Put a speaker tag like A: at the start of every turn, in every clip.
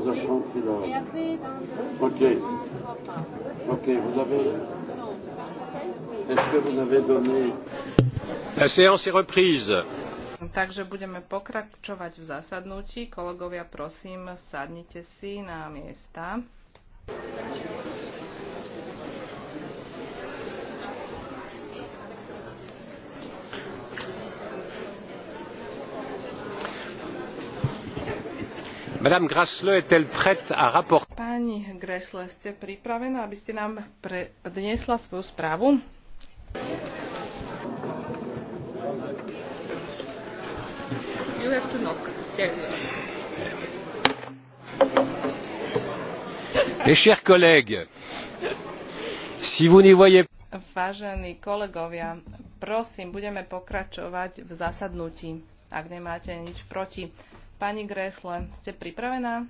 A: vous a chanté là. Et ok. Ok, vous avez. Est-ce que vous avez donné. La séance est reprise.
B: Takže budeme pokračovať v zasadnutí. Kolegovia, prosím, sadnite si na miesta.
A: Madame Grasle est-elle prête à rapporter?
B: Pani Grasle, ste pripravená, aby ste nám prednesla svoju správu? You have to knock.
A: Mes chers collègues, si vous n'y voyez
B: Vážení kolegovia, prosím, budeme pokračovať v zasadnutí, ak nemáte nič proti. Pani Gresle, ste pripravená?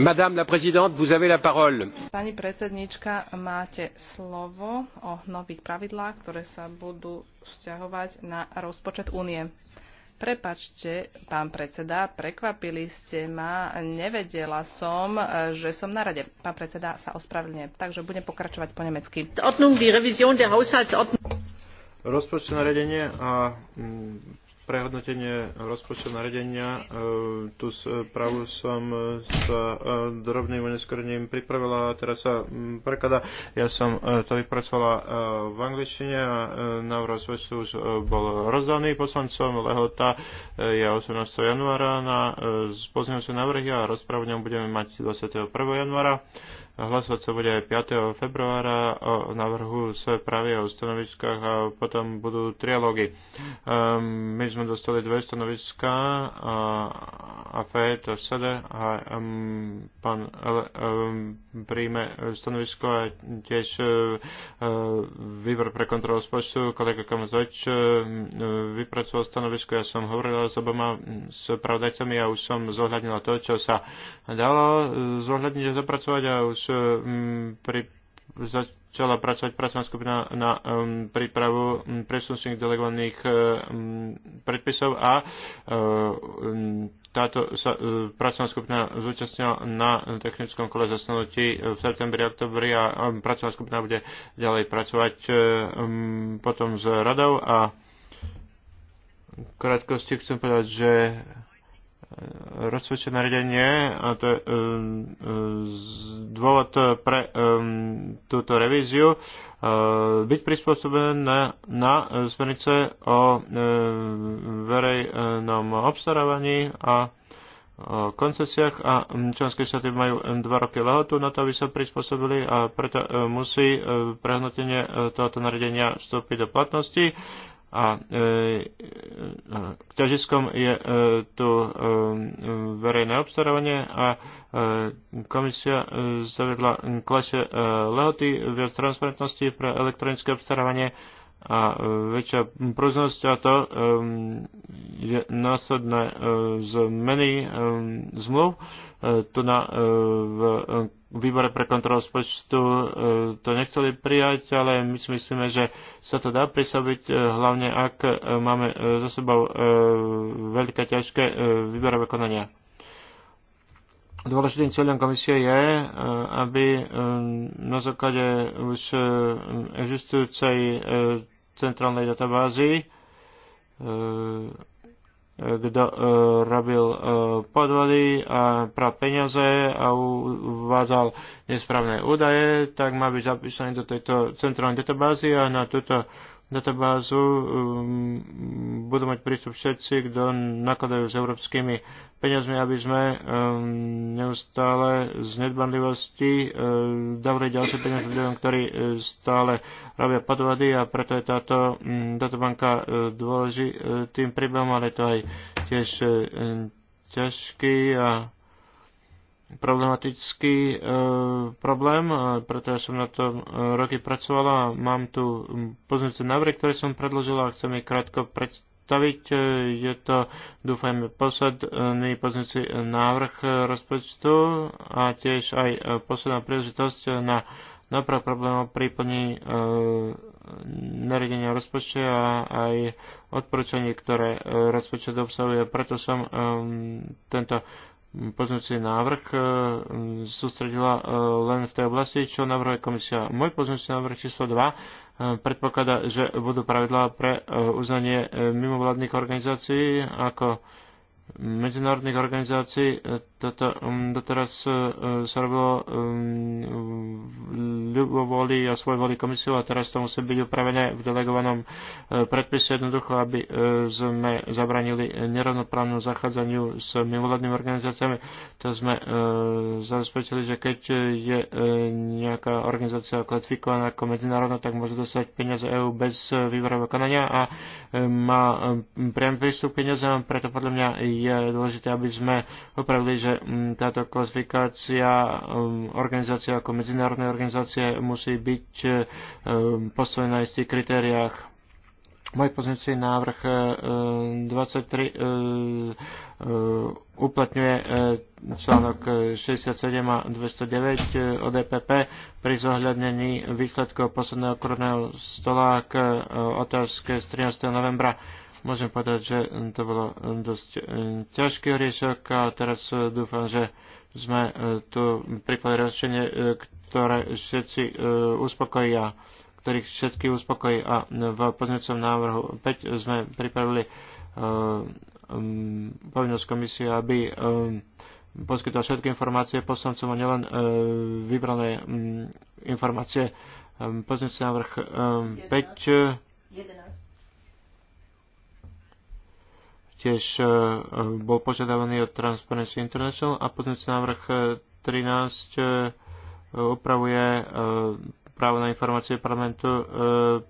A: Madame la présidente, vous avez la parole.
B: Pani predsednička, máte slovo o nových pravidlách, ktoré sa budú vzťahovať na rozpočet únie. Prepačte, pán predseda, prekvapili ste ma. Nevedela som, že som na rade. Pán predseda sa ospravedlňuje, takže budem pokračovať po nemecky.
A: Rozpočtené riadenie a mm, prehodnotenie rozpočtu naredenia. E, tú správu som e, s e, drobným uneskorením pripravila a teraz sa prekladá. Ja som to vypracovala v angličtine a na rozpočtu už bol rozdaný poslancom. Lehota je 18. januára na pozňujúce návrhy a rozpravu budeme mať 21. januára. Hlasovať sa bude 5. februára o návrhu s pravie o stanoviskách a potom budú trialógy. Um, my sme dostali dve stanoviska a, a FED a SEDE a um, pán um, príjme stanovisko a tiež uh, výbor pre kontrolu spočtu, kolega Kamazoč uh, vypracoval stanovisko. Ja som hovorila s oboma s pravdajcami a už som zohľadnila to, čo sa dalo zohľadniť a zapracovať a už E, pri, začala pracovať pracovná skupina na um, prípravu um, delegovaných um, predpisov a um, táto sa, uh, pracovná skupina zúčastnila na technickom kole zastanutí v septembri, oktobri a um, pracovná skupina bude ďalej pracovať um, potom s radou a v krátkosti chcem povedať, že rozsvedčené riadenie a to je um, dôvod pre um, túto revíziu uh, byť prispôsobené na smernice o uh, verejnom obstarávaní a o koncesiách a um, členské štáty majú dva roky lehotu na to, aby sa prispôsobili a preto uh, musí prehnotenie tohoto nariadenia vstúpiť do platnosti a e, k e, ťažiskom je e, tu e, verejné obstarávanie a e, komisia e, zavedla klasie e, lehoty, viac transparentnosti pre elektronické obstarávanie e, a e, väčšia prúznosť a to um, je následné uh, zmeny um, zmluv. Uh, tu na, uh, v výbore pre kontrolu spočtu uh, to nechceli prijať, ale my si myslíme, že sa to dá prisobiť, uh, hlavne ak uh, máme uh, za sebou uh, veľké ťažké uh, výberové konania. Dôležitým cieľom komisie je, e, aby e, na základe už e, existujúcej centrálnej databázy, kto robil podvody a pra peniaze a uvádzal nesprávne údaje, tak má byť zapísaný do tejto centrálnej databázy a na túto databázu um, budú mať prístup všetci, kto nakladajú s európskymi peniazmi, aby sme um, neustále z nedbanlivosti uh, dávali ďalšie peniaze ľuďom, ktorí uh, stále robia podvody a preto je táto um, databanka uh, dôležitým príbehom, ale to aj tiež ťažký a problematický e, problém, preto ja som na tom e, roky pracovala a mám tu poznáte návrh, ktoré som predložila a chcem ich krátko predstaviť. E, je to, dúfajme, posledný poznáci návrh rozpočtu a tiež aj e, posledná príležitosť na naprav problémov pri plní e, nariadenia rozpočtu a aj odporúčanie, ktoré e, rozpočet obsahuje. Preto som e, tento pozmeňujúci návrh e, sústredila e, len v tej oblasti, čo navrhuje komisia. Môj pozmeňujúci návrh číslo 2 e, predpokladá, že budú pravidlá pre uznanie mimovládnych organizácií ako medzinárodných organizácií. Toto um, doteraz uh, sa robilo um, ľubovoli a svojvoli komisiu a teraz to musí byť upravené v delegovanom uh, predpise jednoducho, aby uh, sme zabranili nerovnoprávnu zachádzaniu s mimovládnymi organizáciami. To sme zabezpečili, že keď je nejaká organizácia klasifikovaná ako medzinárodná, tak môže dostať peniaze EU bez výberového konania a má um, priam prístup peniazom, preto podľa mňa je dôležité, aby sme opravili, že mm, táto klasifikácia mm, organizácia ako medzinárodné organizácie musí byť e, mm, postavená na istých kritériách môj pozmeňujúci návrh 23 e, e, uplatňuje článok 67 a 209 ODPP pri zohľadnení výsledkov posledného korného stola k otázke z 13. novembra môžem povedať, že to bolo dosť e, ťažký riešok a teraz e, dúfam, že sme e, tu pripali rozšenie, ktoré všetci uspokojí a ktorých všetky uspokojí a v pozmeňujúcom návrhu 5 sme pripravili povinnosť komisie, aby poskytla všetky informácie poslancom a nielen vybrané informácie. Pozmeňujúci návrh 5 11. tiež e, e, bol požiadavaný od Transparency International a pozmeňujúci návrh 13 e, upravuje právo na informácie parlamentu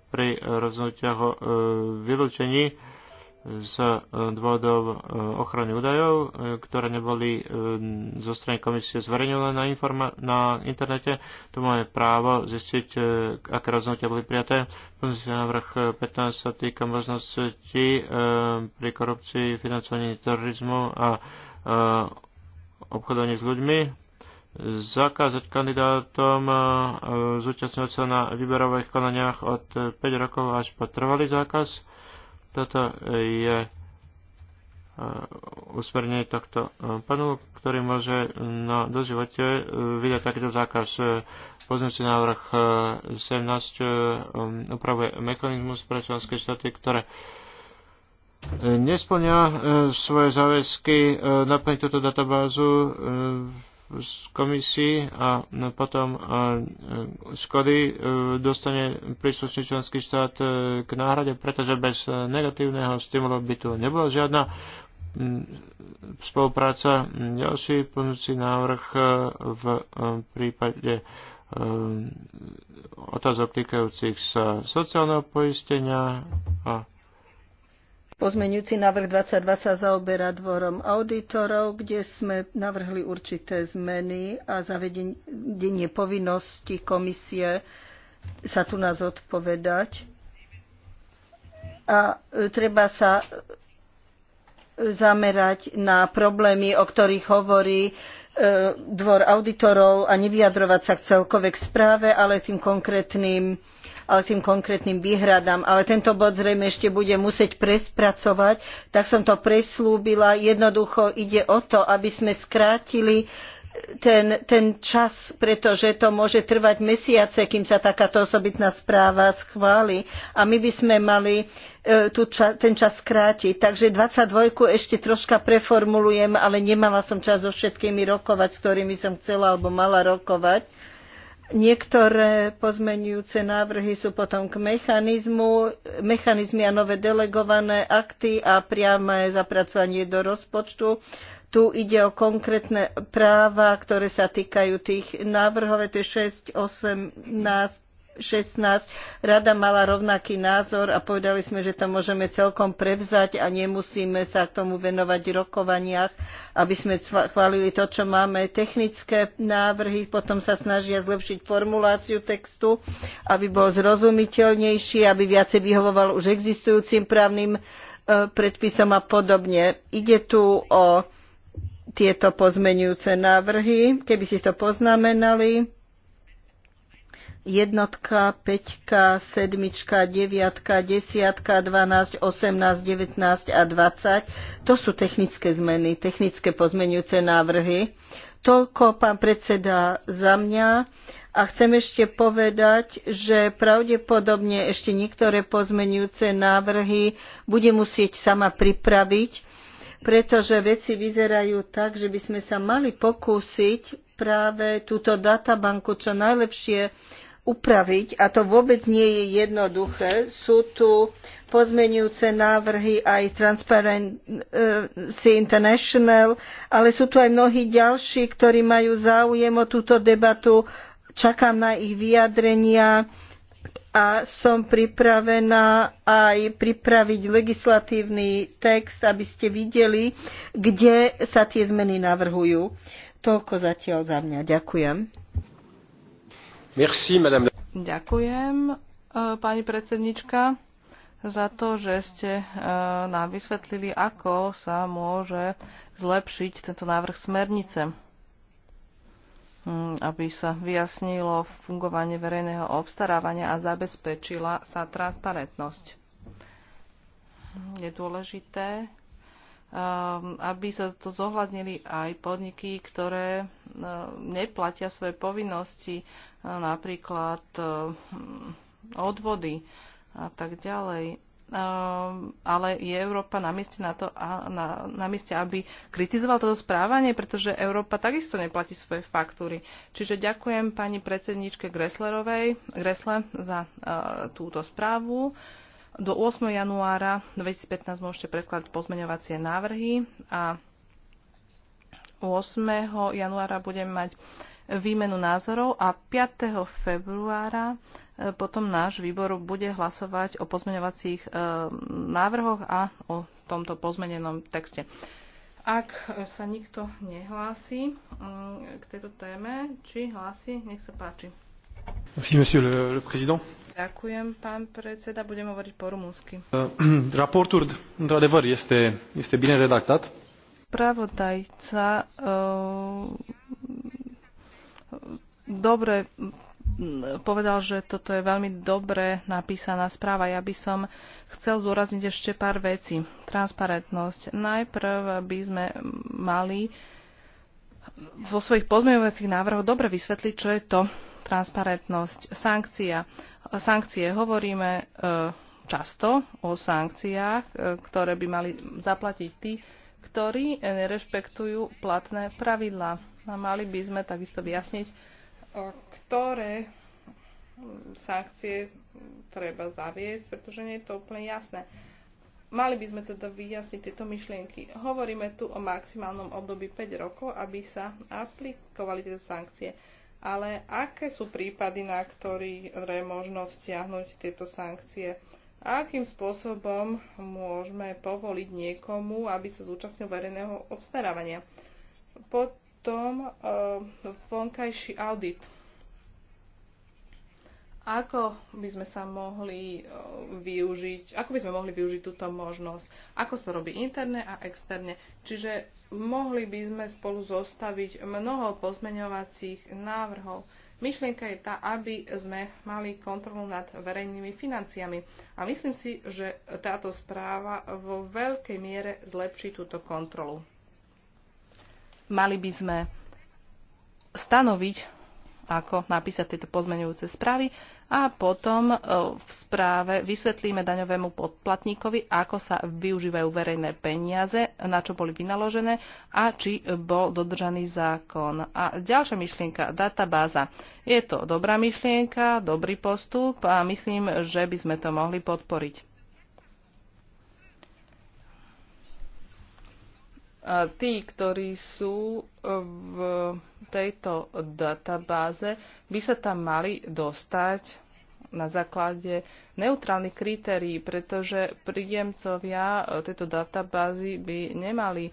A: pri rozhodnutiach o vylúčení z e, dôvodov e, ochrany údajov, e, ktoré neboli zo strany komisie zverejnené na, informa- na internete. Tu máme právo zistiť, aké rozhodnutia boli prijaté. Pozície návrh 15 sa týka možnosti pri korupcii, financovaní terorizmu a obchodovaní s ľuďmi zakázať kandidátom zúčastňovať sa na výberových konaniach od 5 rokov až po trvalý zákaz toto e, je e, usmernenie tohto e, panu, ktorý môže na no, doživote vidieť takýto zákaz. si návrh 17 um, upravuje mechanizmus pre členské štáty, ktoré nesplňa svoje záväzky naplniť túto databázu z komisii a no, potom e, škody e, dostane príslušný členský štát e, k náhrade, pretože bez negatívneho stimulu by tu nebola žiadna spolupráca. Ďalší plnúci návrh v prípade otázok týkajúcich sa sociálneho poistenia a
C: Pozmeňujúci návrh 22 sa zaoberá dvorom auditorov, kde sme navrhli určité zmeny a zavedenie povinnosti komisie sa tu nás odpovedať. A e, treba sa e, zamerať na problémy, o ktorých hovorí e, dvor auditorov a nevyjadrovať sa k celkovej správe, ale tým konkrétnym ale tým konkrétnym výhradám. Ale tento bod zrejme ešte bude musieť prespracovať, tak som to preslúbila. Jednoducho ide o to, aby sme skrátili ten, ten čas, pretože to môže trvať mesiace, kým sa takáto osobitná správa schváli. A my by sme mali e, ča, ten čas skrátiť. Takže 22 ešte troška preformulujem, ale nemala som čas so všetkými rokovať, s ktorými som chcela alebo mala rokovať. Niektoré pozmenujúce návrhy sú potom k mechanizmu, mechanizmy a nové delegované akty a priame zapracovanie do rozpočtu. Tu ide o konkrétne práva, ktoré sa týkajú tých návrhov, to je 6, 18, 16 rada mala rovnaký názor a povedali sme, že to môžeme celkom prevzať a nemusíme sa k tomu venovať v rokovaniach, aby sme chválili to, čo máme. Technické návrhy potom sa snažia zlepšiť formuláciu textu, aby bol zrozumiteľnejší, aby viacej vyhovoval už existujúcim právnym e, predpisom a podobne. Ide tu o tieto pozmenujúce návrhy, keby si to poznamenali jednotka, peťka, sedmička, deviatka, desiatka, dvanásť, osemnásť, devetnásť a dvadsať. To sú technické zmeny, technické pozmenujúce návrhy. Toľko, pán predseda, za mňa. A chcem ešte povedať, že pravdepodobne ešte niektoré pozmenujúce návrhy bude musieť sama pripraviť, pretože veci vyzerajú tak, že by sme sa mali pokúsiť práve túto databanku čo najlepšie upraviť a to vôbec nie je jednoduché. Sú tu pozmenujúce návrhy aj Transparency International, ale sú tu aj mnohí ďalší, ktorí majú záujem o túto debatu. Čakám na ich vyjadrenia a som pripravená aj pripraviť legislatívny text, aby ste videli, kde sa tie zmeny navrhujú. Toľko zatiaľ za mňa. Ďakujem. Ďakujem, e,
B: pani predsednička, za to, že ste e, nám vysvetlili, ako sa môže zlepšiť tento návrh smernice mm, aby sa vyjasnilo fungovanie verejného obstarávania a zabezpečila sa transparentnosť. Je dôležité, e, aby sa to zohľadnili aj podniky, ktoré E, neplatia svoje povinnosti, e, napríklad e, hm, odvody a tak ďalej. Ale je Európa na mieste, na to, na, na mieste, aby kritizoval toto správanie, pretože Európa takisto neplatí svoje faktúry. Čiže ďakujem pani predsedničke Gresslerovej, Gressle za túto správu. Do 8. januára 2015 môžete predkladať pozmeňovacie návrhy a 8. januára budem mať výmenu názorov a 5. februára e, potom náš výbor bude hlasovať o pozmeňovacích e, návrhoch a o tomto pozmenenom texte. Ak e, sa nikto nehlási k tejto téme, či hlási, nech sa páči.
A: Merci, monsieur le, le président.
B: Ďakujem, pán predseda, budem hovoriť po rumúnsky.
A: Uh, raportul, într-adevăr, este, este bine redactat
B: spravodajca eh, dobre povedal, že toto je veľmi dobre napísaná správa. Ja by som chcel zdôrazniť ešte pár vecí. Transparentnosť. Najprv by sme mali vo svojich pozmeňovacích návrhoch dobre vysvetliť, čo je to transparentnosť. Sankcia. Sankcie hovoríme eh, často o sankciách, eh, ktoré by mali zaplatiť tých, ktorí nerešpektujú eh, platné pravidlá. A mali by sme takisto vyjasniť, eh, ktoré mm, sankcie treba zaviesť, pretože nie je to úplne jasné. Mali by sme teda vyjasniť tieto myšlienky. Hovoríme tu o maximálnom období 5 rokov, aby sa aplikovali tieto sankcie. Ale aké sú prípady, na ktoré možno vzťahnuť tieto sankcie? akým spôsobom môžeme povoliť niekomu, aby sa zúčastnil verejného obstarávania. Potom e, vonkajší audit ako by sme sa mohli eh, využiť, ako by sme mohli využiť túto možnosť, ako sa robí interne a externe. Čiže mohli by sme spolu zostaviť mnoho pozmeňovacích návrhov. Myšlienka je tá, aby sme mali kontrolu nad verejnými financiami. A myslím si, že táto správa vo veľkej miere zlepší túto kontrolu. Mali by sme stanoviť ako napísať tieto pozmeňujúce správy a potom e, v správe vysvetlíme daňovému podplatníkovi, ako sa využívajú verejné peniaze, na čo boli vynaložené a či bol dodržaný zákon. A ďalšia myšlienka, databáza. Je to dobrá myšlienka, dobrý postup a myslím, že by sme to mohli podporiť. tí, ktorí sú e, v tejto databáze, by sa tam mali dostať na základe neutrálnych kritérií, pretože príjemcovia e, tejto databázy by nemali e,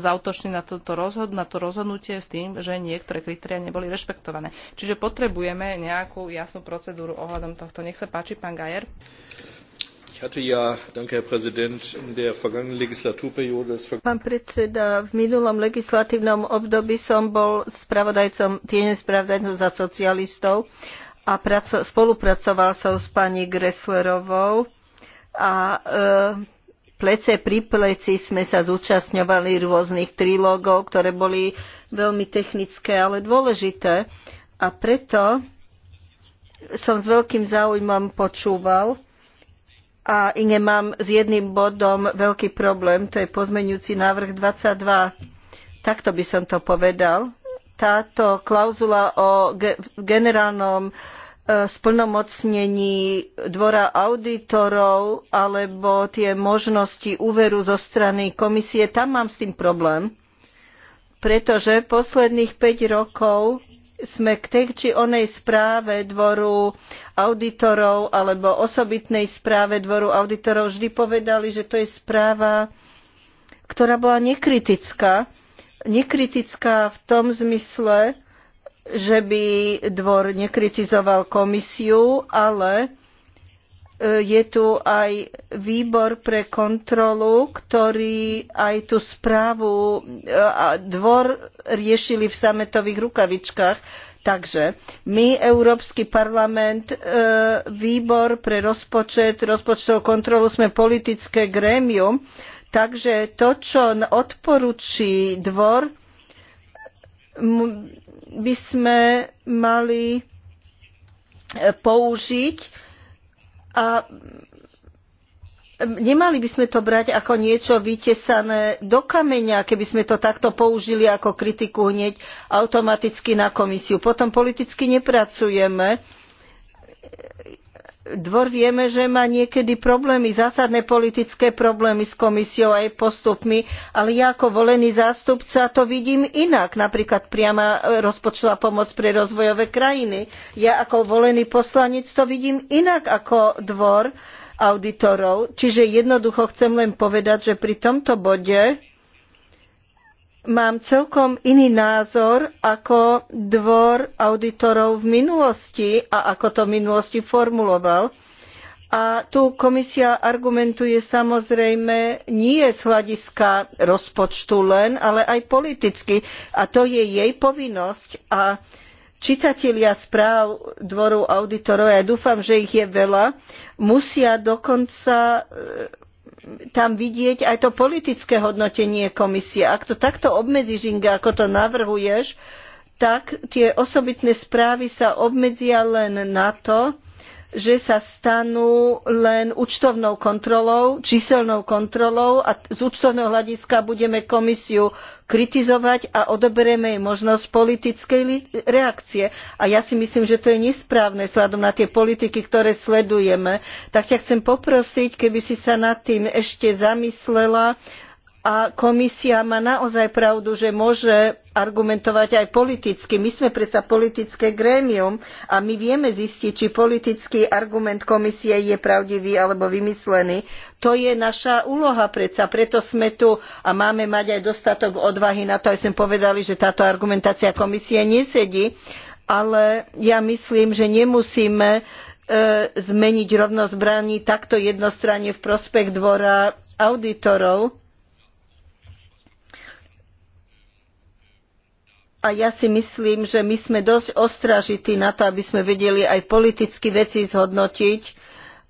B: zautočný na, toto rozhod- na to rozhodnutie s tým, že niektoré kritéria neboli rešpektované. Čiže potrebujeme nejakú jasnú procedúru ohľadom tohto. Nech
C: sa páči, pán Gajer. Pán predseda, v minulom legislatívnom období som bol spravodajcom, tiež spravodajcom za socialistov a spolupracoval som s pani Gresslerovou a e, plece pri pleci sme sa zúčastňovali rôznych trilógov, ktoré boli veľmi technické, ale dôležité. A preto som s veľkým záujmom počúval a Inge mám s jedným bodom veľký problém, to je pozmeňujúci návrh 22. Takto by som to povedal. Táto klauzula o ge- generálnom e, splnomocnení dvora auditorov alebo tie možnosti úveru zo strany komisie, tam mám s tým problém, pretože posledných 5 rokov sme k tej či onej správe dvoru auditorov alebo osobitnej správe dvoru auditorov vždy povedali, že to je správa, ktorá bola nekritická. Nekritická v tom zmysle, že by dvor nekritizoval komisiu, ale je tu aj výbor pre kontrolu, ktorý aj tú správu eh, a dvor riešili v sametových rukavičkách. Takže my, Európsky parlament, eh, výbor pre rozpočet, rozpočtovú kontrolu sme politické grémium, takže to, čo odporučí dvor, by sme mali použiť a nemali by sme to brať ako niečo vytesané do kameňa, keby sme to takto použili ako kritiku hneď automaticky na komisiu. Potom politicky nepracujeme. Dvor vieme, že má niekedy problémy, zásadné politické problémy s komisiou a jej postupmi, ale ja ako volený zástupca to vidím inak. Napríklad priama rozpočtová pomoc pre rozvojové krajiny. Ja ako volený poslanec to vidím inak ako dvor auditorov. Čiže jednoducho chcem len povedať, že pri tomto bode mám celkom iný názor ako dvor auditorov v minulosti a ako to v minulosti formuloval. A tu komisia argumentuje samozrejme nie z hľadiska rozpočtu len, ale aj politicky. A to je jej povinnosť. A čitatelia správ dvoru auditorov, ja dúfam, že ich je veľa, musia dokonca tam vidieť aj to politické hodnotenie komisie. Ak to takto obmedzíš, Inga, ako to navrhuješ, tak tie osobitné správy sa obmedzia len na to, že sa stanú len účtovnou kontrolou, číselnou kontrolou a z účtovného hľadiska budeme komisiu kritizovať a odoberieme jej možnosť politickej reakcie. A ja si myslím, že to je nesprávne vzhľadom na tie politiky, ktoré sledujeme. Tak ťa chcem poprosiť, keby si sa nad tým ešte zamyslela, a komisia má naozaj pravdu, že môže argumentovať aj politicky. My sme predsa politické grémium a my vieme zistiť, či politický argument komisie je pravdivý alebo vymyslený. To je naša úloha predsa, preto sme tu a máme mať aj dostatok odvahy na to, aj sme povedali, že táto argumentácia komisie nesedí, ale ja myslím, že nemusíme e, zmeniť rovnosť zbraní takto jednostranne v prospech dvora auditorov a ja si myslím, že my sme dosť ostražití na to, aby sme vedeli aj politicky veci zhodnotiť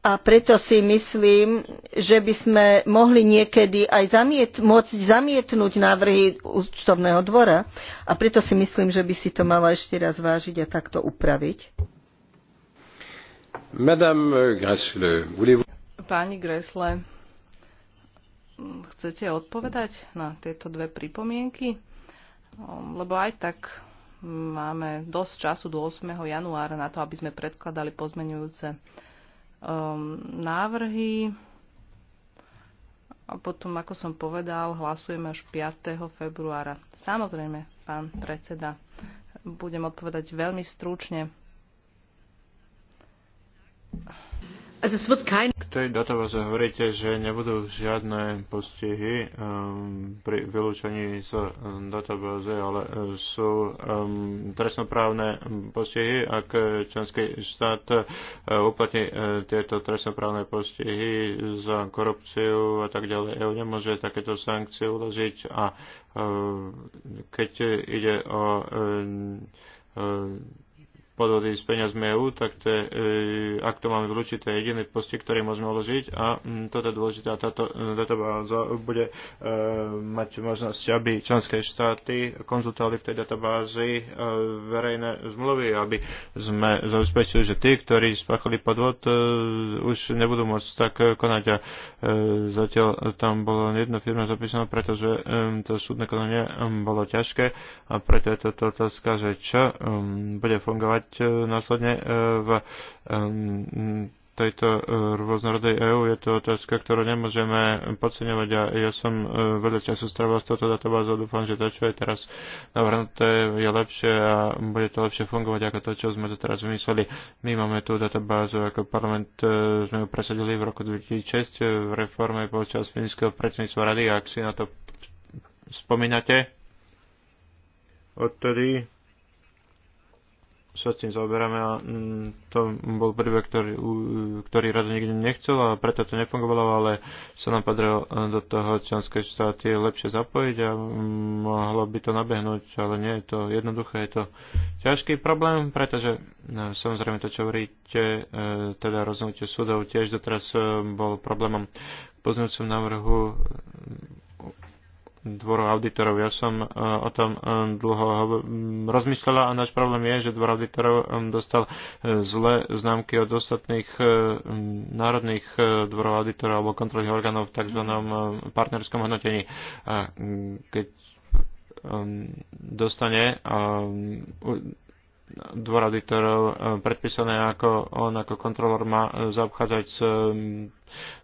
C: a preto si myslím, že by sme mohli niekedy aj zamiet, môcť zamietnúť návrhy účtovného dvora a preto si myslím, že by si to mala ešte raz vážiť a takto upraviť.
A: Madame Gressle, voulez-vous...
C: Pani
B: Gressle, chcete odpovedať na tieto dve pripomienky? Um, lebo aj tak máme dosť času do 8. januára na to, aby sme predkladali pozmenujúce um, návrhy. A potom, ako som povedal, hlasujeme až 5. februára. Samozrejme, pán predseda, budem odpovedať veľmi stručne.
A: K tej databáze hovoríte, že nebudú žiadne postihy um, pri vylúčení z um, databáze, ale e, sú um, trestnoprávne postihy, ak členský štát uh, uplatní uh, tieto trestnoprávne postihy za korupciu a tak ďalej. EU nemôže takéto sankcie uložiť a uh, keď ide o uh, podvody s peniazmi EU, tak to je, e, ak to máme vylúčiť, to je jediný postih, ktorý môžeme uložiť a mm, toto je dôležité a táto databáza mm, bude e, mať možnosť, aby členské štáty konzultovali v tej databázi e, verejné zmluvy, aby sme zabezpečili, že tí, ktorí spáchali podvod, už nebudú môcť tak konať a zatiaľ tam bola jedna firma zapísaná, pretože to súdne konanie bolo ťažké a preto je toto otázka, že čo bude fungovať mať e, následne e, v tejto e, rôznorodej EÚ. Je to otázka, ktorú nemôžeme podceňovať a ja som veľa času strávil s touto databázou. Dúfam, že to, čo je teraz navrhnuté, je lepšie a bude to lepšie fungovať ako to, čo sme to teraz vymysleli. My máme tú databázu ako parlament, sme ju presadili v roku 2006 v reforme počas finského predsedníctva rady, ak si na to spomínate. Odtedy sa s tým zaoberáme a mm, to bol príbeh, ktorý, ktorý rada nikdy nechcel a preto to nefungovalo, ale sa nám padrilo e, do toho členské štáty lepšie zapojiť a mm, mohlo by to nabehnúť, ale nie je to jednoduché, je to ťažký problém, pretože e, samozrejme to, čo hovoríte, e, teda rozhodnutie súdov tiež doteraz bol problémom. V poznúcom návrhu dvoru auditorov. Ja som e, o tom e, dlho rozmyslela a náš problém je, že dvor auditorov e, dostal zlé známky od ostatných národných dvorov auditorov alebo kontrolných orgánov v tzv. Mhm. partnerskom hodnotení. Keď dostane dvor auditorov predpísané, ako on ako kontrolór má zaobchádzať s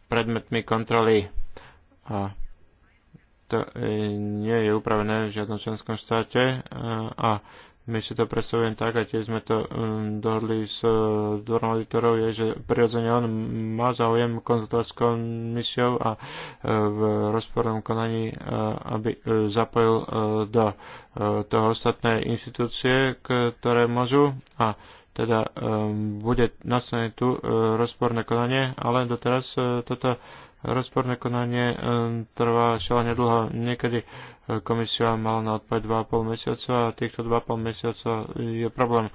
A: predmetmi kontroly. A to e, nie je upravené v žiadnom členskom štáte e, a my si to predstavujem tak, a tiež sme to e, dohodli s dvorom auditorov, je, že prirodzene on má záujem konzultovať s komisiou a v rozpornom konaní, aby zapojil do toho ostatné inštitúcie, ktoré môžu a teda bude nastane tu rozporné konanie, ale doteraz toto rozporné konanie trvá šela nedlho. Niekedy eh, komisia mala na odpoveď 2,5 mesiaca a týchto 2,5 mesiaca je problém.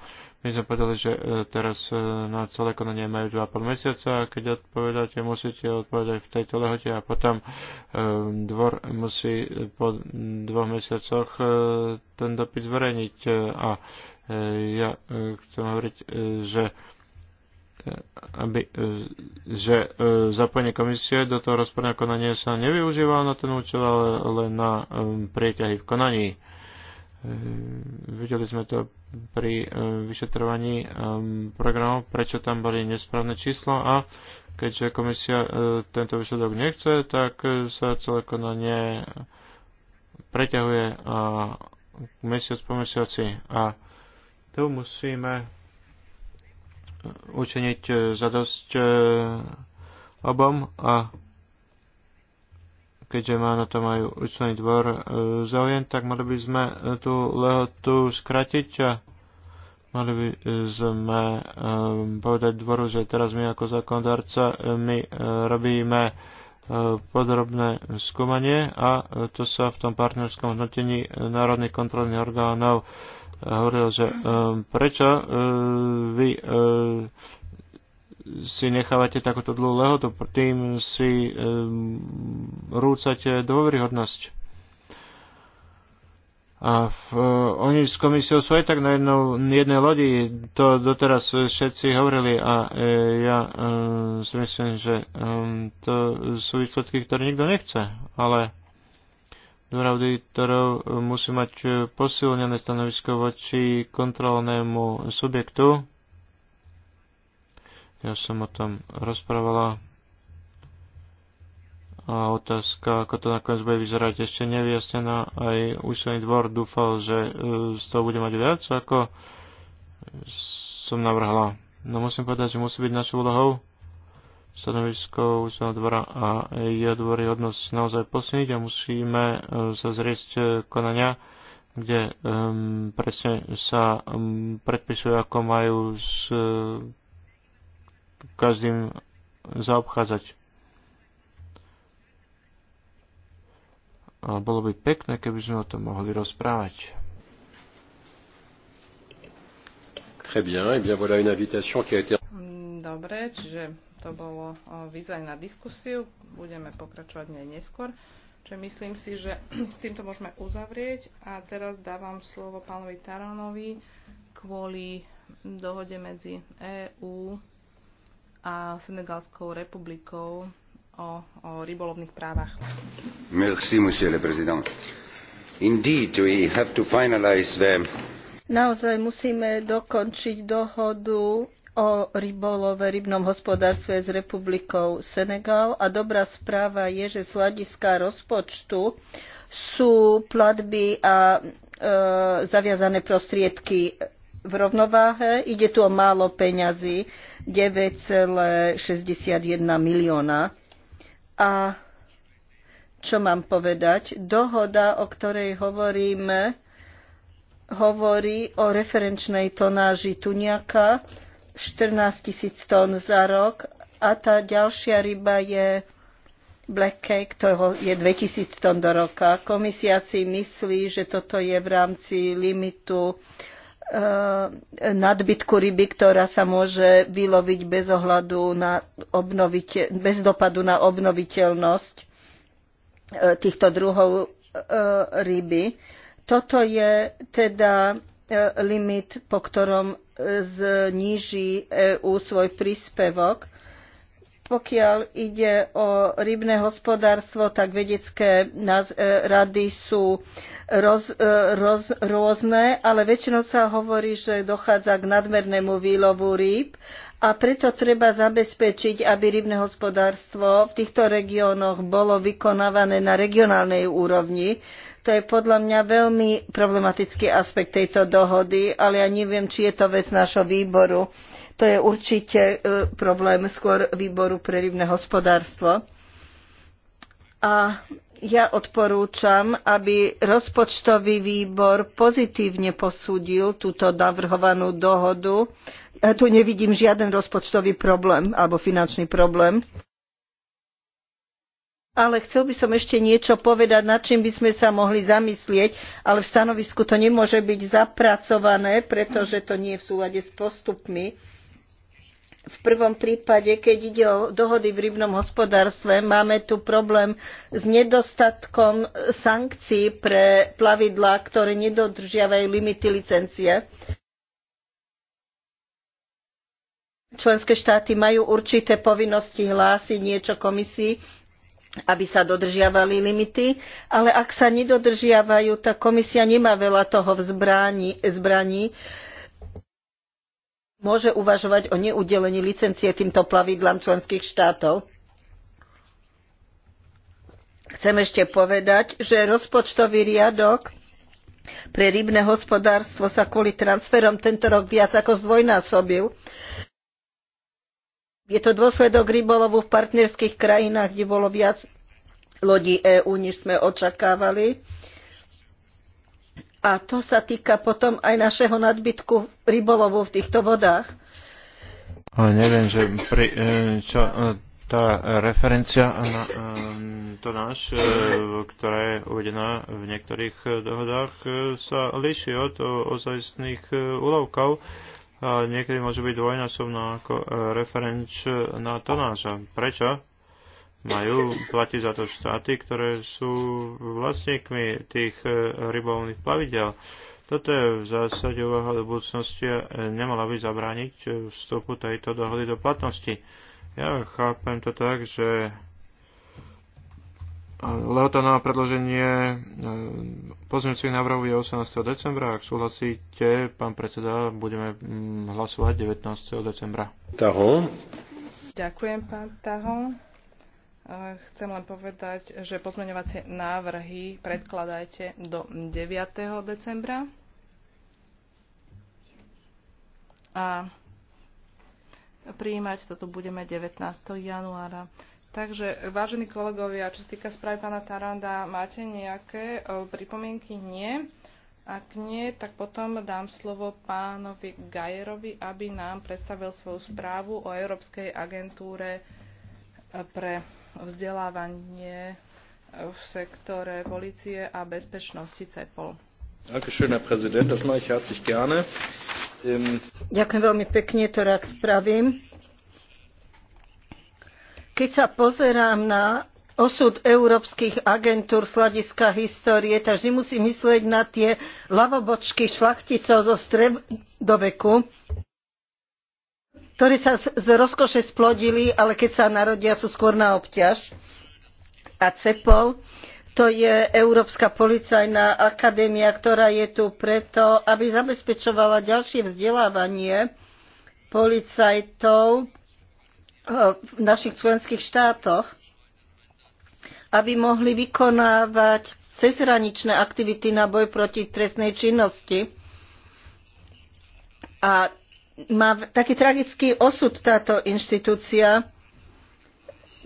A: My sme povedali, že eh, teraz eh, na celé konanie majú 2,5 mesiaca a keď odpovedáte, musíte odpovedať v tejto lehote a potom dvor musí po dvoch mesiacoch ten dopis zverejniť a ja chcem hovoriť, že aby že e, zapojenie komisie do toho rozporného konania sa nevyužíva na ten účel, ale len na prieťahy v konaní. E, videli sme to pri e, vyšetrovaní programov, prečo tam boli nesprávne číslo a keďže komisia tento výsledok nechce, tak sa celé konanie preťahuje a mesiac po mesiaci a tu musíme učiniť e, zadosť e, obom a keďže má na to aj účtovný dvor e, záujem, tak mali by sme tú lehotu skratiť a mali by sme povedať dvoru, že teraz my ako zákonodárca my robíme E, podrobné skúmanie a e, to sa v tom partnerskom hodnotení e, národných kontrolných orgánov hovorilo, že prečo vy si nechávate takúto dlhú lehotu, tým si rúcate dôveryhodnosť. A v, e, oni s komisiou sú aj tak na jednou, jednej lodi, to doteraz všetci hovorili a e, ja e, si myslím, že e, to sú výsledky, ktoré nikto nechce, ale dvor auditorov musí mať posilnené stanovisko voči kontrolnému subjektu. Ja som o tom rozprávala a otázka, ako to nakoniec bude vyzerať, ešte nevyjasnená. Aj účelný dvor dúfal, že e, z toho bude mať viac, ako som navrhla. No musím povedať, že musí byť našou úlohou stanovisko účelného dvora a dvory dôryhodnosť naozaj posilniť a musíme e, sa zrieť e, konania, kde um, presne sa um, predpisuje, ako majú s každým zaobchádzať ale bolo by pekné, keby sme o tom mohli rozprávať. Très bien, et eh bien voilà une invitation qui a été... Dobre, čiže
B: to bolo eh, výzaj na diskusiu. Budeme pokračovať nej neskôr. Čiže myslím si, že s týmto môžeme uzavrieť. A teraz dávam slovo pánovi Taranovi kvôli dohode medzi EÚ a Senegalskou republikou o, o rybolovných právach.
A: Merci, monsieur le président. Indeed, we have to finalize the...
C: Naozaj musíme dokončiť dohodu o rybolove, rybnom hospodárstve s republikou Senegal a dobrá správa je, že z hľadiska rozpočtu sú platby a e, zaviazané prostriedky v rovnováhe. Ide tu o málo peňazí, 9,61 milióna a čo mám povedať? Dohoda, o ktorej hovoríme, hovorí o referenčnej tonáži tuniaka 14 tisíc tón za rok a tá ďalšia ryba je black cake, ktorého je 2000 tón do roka. Komisia si myslí, že toto je v rámci limitu E, nadbytku ryby, ktorá sa môže vyloviť bez ohľadu na obnovite, bez dopadu na obnoviteľnosť e, týchto druhov e, ryby. Toto je teda limit, po ktorom zníži EÚ svoj príspevok pokiaľ ide o rybné hospodárstvo, tak vedecké e, rady sú roz, e, roz, rôzne, ale väčšinou sa hovorí, že dochádza k nadmernému výlovu rýb a preto treba zabezpečiť, aby rybné hospodárstvo v týchto regiónoch bolo vykonávané na regionálnej úrovni. To je podľa mňa veľmi problematický aspekt tejto dohody, ale ja neviem, či je to vec nášho výboru. Uh, to je určite e, problém skôr výboru pre rybné hospodárstvo. A ja odporúčam, aby rozpočtový výbor pozitívne posúdil túto navrhovanú dohodu. Ja tu nevidím žiaden rozpočtový problém alebo finančný problém. Ale chcel by som ešte niečo povedať, nad čím by sme sa mohli zamyslieť, ale v stanovisku to nemôže byť zapracované, pretože to nie je v súlade s postupmi v prvom prípade, keď ide o dohody v rybnom hospodárstve, máme tu problém s nedostatkom sankcií pre plavidlá, ktoré nedodržiavajú limity licencie. Členské štáty majú určité povinnosti hlásiť niečo komisii, aby sa dodržiavali limity, ale ak sa nedodržiavajú, tak komisia nemá veľa toho v zbraní, zbraní môže uvažovať o neudelení licencie týmto plavidlám členských štátov. Chcem ešte povedať, že rozpočtový riadok pre rybné hospodárstvo sa kvôli transferom tento rok viac ako zdvojnásobil. Je to dôsledok rybolovu v partnerských krajinách, kde bolo viac lodí EÚ, než sme očakávali a to sa týka potom aj našeho nadbytku rybolovu v týchto vodách.
A: A neviem, že pri, e, čo, e, tá referencia na e, to náš, ktorá je uvedená v niektorých dohodách, sa líši od ozajstných úlovkov. A niekedy môže byť dvojnásobná ako referenč na tonáža. Prečo? majú platiť za to štáty, ktoré sú vlastníkmi tých e, rybovných plavidel. Toto je v zásade úvaha do budúcnosti a nemala by zabrániť e, vstupu tejto dohody do platnosti. Ja chápem to tak, že Lehota na predloženie e, pozmeňujúcich návrhov je 18. decembra. Ak súhlasíte, pán predseda, budeme mm, hlasovať 19. decembra.
B: Ďakujem, pán Taho. Chcem len povedať, že pozmeňovacie návrhy predkladajte do 9. decembra. A prijímať toto budeme 19. januára. Takže, vážení kolegovia, čo sa týka správy pána Taranda, máte nejaké e, pripomienky? Nie. Ak nie, tak potom dám slovo pánovi Gajerovi, aby nám predstavil svoju správu o Európskej agentúre e, pre vzdelávanie v sektore
C: polície a bezpečnosti CEPOL. Ähm, Ďakujem veľmi pekne, to rád spravím. Keď sa pozerám na osud európskych agentúr z hľadiska histórie, tak vždy musím myslieť na tie lavobočky šlachticov zo stredoveku, ktoré sa z rozkoše splodili, ale keď sa narodia, sú skôr na obťaž. A CEPOL, to je Európska policajná akadémia, ktorá je tu preto, aby zabezpečovala ďalšie vzdelávanie policajtov eh, v našich členských štátoch, aby mohli vykonávať cezhraničné aktivity na boj proti trestnej činnosti. A má taký tragický osud táto inštitúcia,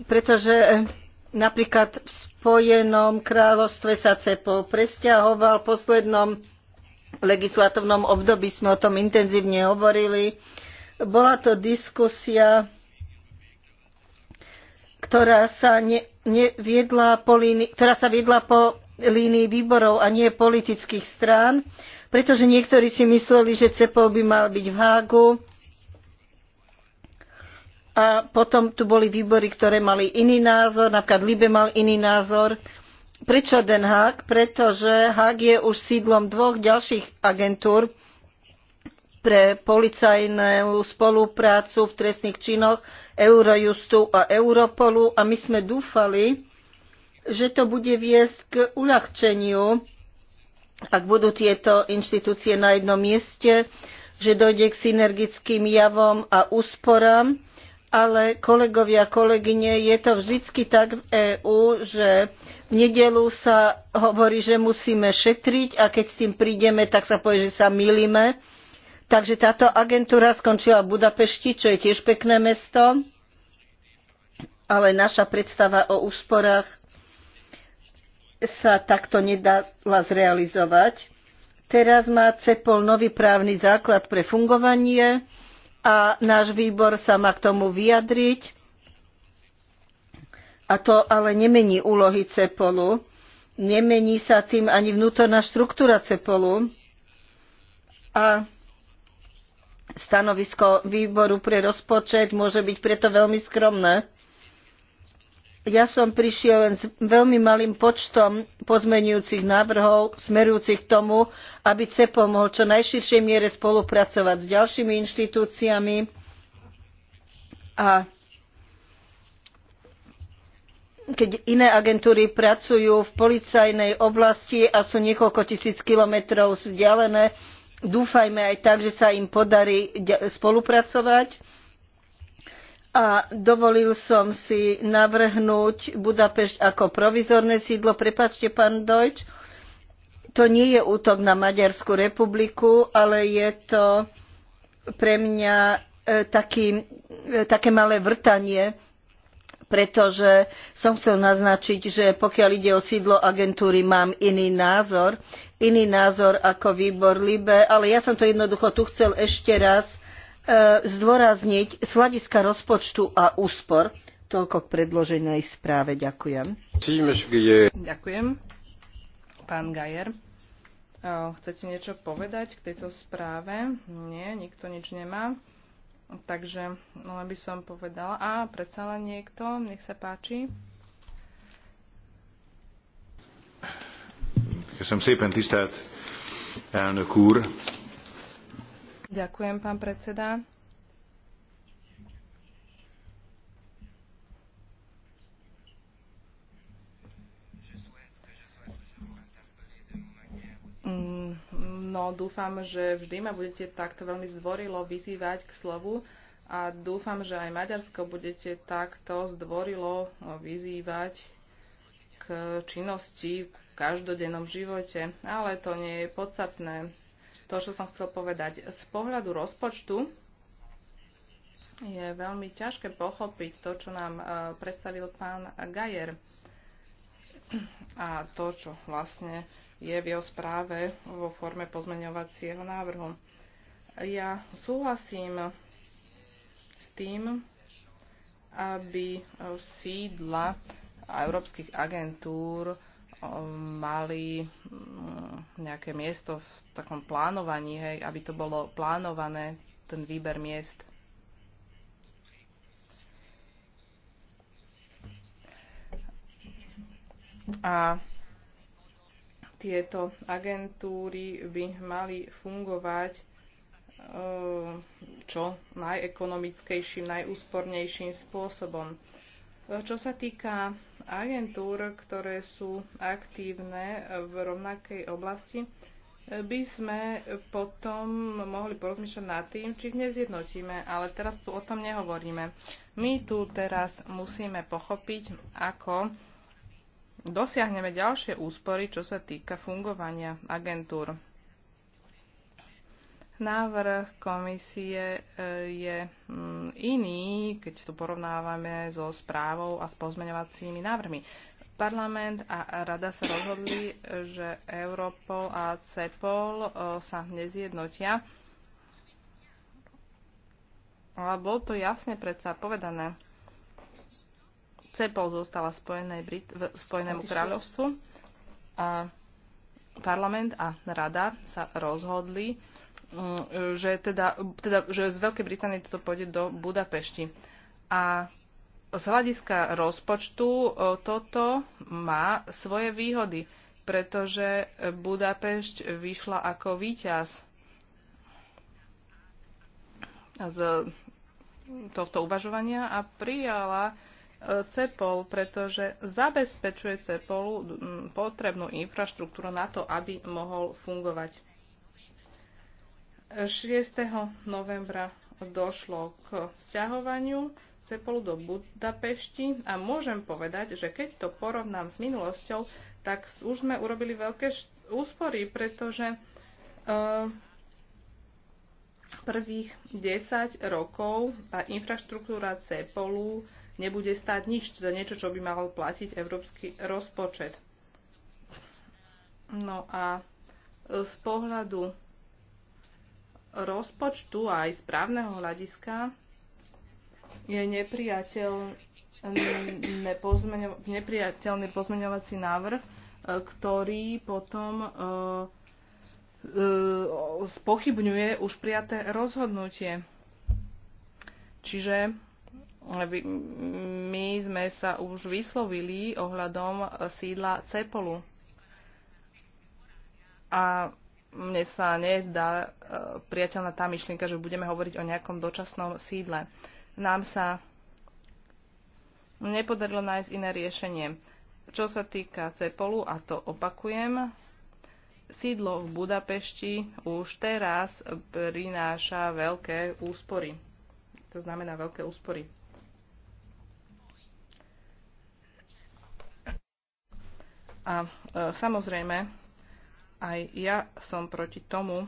C: pretože napríklad v Spojenom kráľovstve sa CEPOL presťahoval. V poslednom legislatívnom období sme o tom intenzívne hovorili. Bola to diskusia, ktorá sa, ne, neviedla po línii, ktorá sa viedla po línii výborov a nie politických strán pretože niektorí si mysleli, že CEPOL by mal byť v Hágu a potom tu boli výbory, ktoré mali iný názor, napríklad Libe mal iný názor. Prečo Den Haag? Pretože Haag je už sídlom dvoch ďalších agentúr pre policajnú spoluprácu v trestných činoch Eurojustu a Europolu a my sme dúfali, že to bude viesť k uľahčeniu ak budú tieto inštitúcie na jednom mieste, že dojde k synergickým javom a úsporám, ale kolegovia, kolegyne, je to vždycky tak v EÚ, že v nedelu sa hovorí, že musíme šetriť a keď s tým prídeme, tak sa povie, že sa milíme. Takže táto agentúra skončila v Budapešti, čo je tiež pekné mesto, ale naša predstava o úsporách sa takto nedala zrealizovať. Teraz má CEPOL nový právny základ pre fungovanie a náš výbor sa má k tomu vyjadriť. A to ale nemení úlohy CEPOLu. Nemení sa tým ani vnútorná štruktúra CEPOLu. A stanovisko výboru pre rozpočet môže byť preto veľmi skromné. Ja som prišiel len s veľmi malým počtom pozmenujúcich návrhov smerujúcich k tomu, aby CEPO mohol čo najširšej miere spolupracovať s ďalšími inštitúciami a keď iné agentúry pracujú v policajnej oblasti a sú niekoľko tisíc kilometrov vzdialené, dúfajme aj tak, že sa im podarí spolupracovať a dovolil som si navrhnúť Budapešť ako provizorné sídlo. Prepačte, pán Dojč, to nie je útok na Maďarskú republiku, ale je to pre mňa e, taký, e, také malé vrtanie, pretože som chcel naznačiť, že pokiaľ ide o sídlo agentúry, mám iný názor, iný názor ako výbor Libe, ale ja som to jednoducho tu chcel ešte raz E, zdôrazniť z hľadiska rozpočtu a úspor. Toľko k predloženej správe. Ďakujem.
B: Ďakujem. Pán Gajer, e, chcete niečo povedať k tejto správe? Nie, nikto nič nemá. Takže len by som povedala. A, predsa len niekto, nech sa páči.
A: Köszönöm szépen, tisztelt elnök úr!
B: Ďakujem, pán predseda. Mm, no, dúfam, že vždy ma budete takto veľmi zdvorilo vyzývať k slovu a dúfam, že aj Maďarsko budete takto zdvorilo vyzývať k činnosti v každodennom živote. Ale to nie je podstatné to, čo som chcel povedať. Z pohľadu rozpočtu je veľmi ťažké pochopiť to, čo nám e, predstavil pán Gajer a to, čo vlastne je v jeho správe vo forme pozmeňovacieho návrhu. Ja súhlasím s tým, aby sídla európskych agentúr mali mm, nejaké miesto v takom plánovaní, hej, aby to bolo plánované, ten výber miest. A tieto agentúry by mali fungovať eh, čo najekonomickejším, najúspornejším spôsobom. Eh, čo sa týka agentúr, ktoré sú aktívne v rovnakej oblasti, by sme potom mohli porozmýšľať nad tým, či dnes jednotíme, ale teraz tu o tom nehovoríme. My tu teraz musíme pochopiť, ako dosiahneme ďalšie úspory, čo sa týka fungovania agentúr. Návrh komisie e, je mm, iný, keď to porovnávame so správou a s pozmeňovacími návrhmi. Parlament a rada sa rozhodli, že Europol a CEPOL e, sa nezjednotia, ale bolo to jasne predsa povedané. CEPOL zostala Brit- v Spojenému kráľovstvu a parlament a rada sa rozhodli, Mm, že, teda, teda, že z Veľkej Británie toto pôjde do Budapešti. A z hľadiska rozpočtu toto má svoje výhody, pretože Budapešť vyšla ako víťaz z tohto uvažovania a prijala e, CEPOL, pretože zabezpečuje CEPOLu potrebnú infraštruktúru na to, aby mohol fungovať. 6. novembra došlo k sťahovaniu Cepolu do Budapešti a môžem povedať, že keď to porovnám s minulosťou, tak už sme urobili veľké úspory, pretože uh, prvých 10 rokov tá infraštruktúra Cepolu nebude stáť nič, teda niečo, čo by mal platiť európsky rozpočet. No a z pohľadu rozpočtu a aj správneho hľadiska je nepriateľný, pozmeňo, nepriateľný pozmeňovací návrh, e, ktorý potom e, e, spochybňuje už prijaté rozhodnutie. Čiže my sme sa už vyslovili ohľadom sídla Cepolu. A mne sa nezdá e, priateľná tá myšlienka, že budeme hovoriť o nejakom dočasnom sídle. Nám sa nepodarilo nájsť iné riešenie. Čo sa týka Cepolu, a to opakujem, sídlo v Budapešti už teraz prináša veľké úspory. To znamená veľké úspory. A e, samozrejme, aj ja som proti tomu,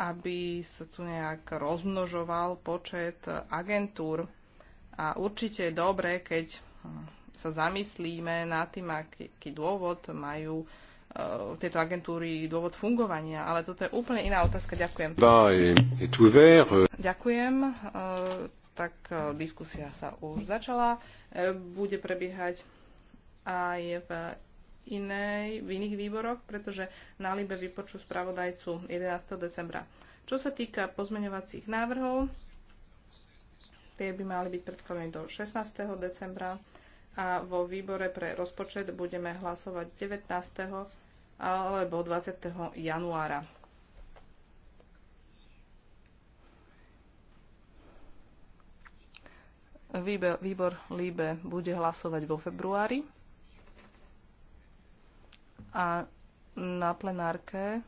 B: aby sa tu nejak rozmnožoval počet agentúr. A určite je dobré, keď sa zamyslíme nad tým, aký dôvod majú e, tieto agentúry dôvod fungovania, ale toto je úplne iná otázka. Ďakujem.
A: Euh.
B: Ďakujem. E, tak e, diskusia sa už začala. Bude prebiehať aj v inej, v iných výboroch, pretože na Libe vypočú spravodajcu 11. decembra. Čo sa týka pozmeňovacích návrhov, tie by mali byť predkladané do 16. decembra a vo výbore pre rozpočet budeme hlasovať 19. alebo 20. januára. Výbor, Libe bude hlasovať vo februári a na plenárke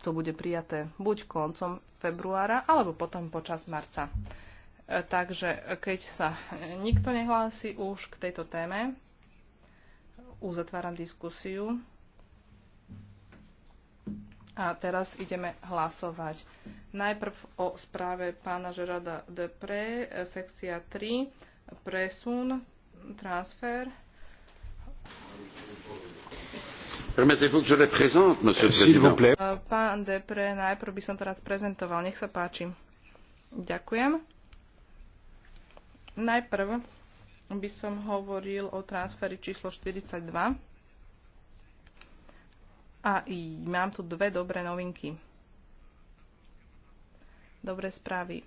B: to bude prijaté buď koncom februára, alebo potom počas marca. E, takže e, keď sa nikto nehlási už k tejto téme, uzatváram diskusiu. A teraz ideme hlasovať. Najprv o správe pána Žerada Depre, e, sekcia 3, presun, transfer. Eh, pán Depre, najprv by som to rád prezentoval. Nech sa páči. Ďakujem. Najprv by som hovoril o transferi číslo 42. A i, mám tu dve dobré novinky. Dobré správy.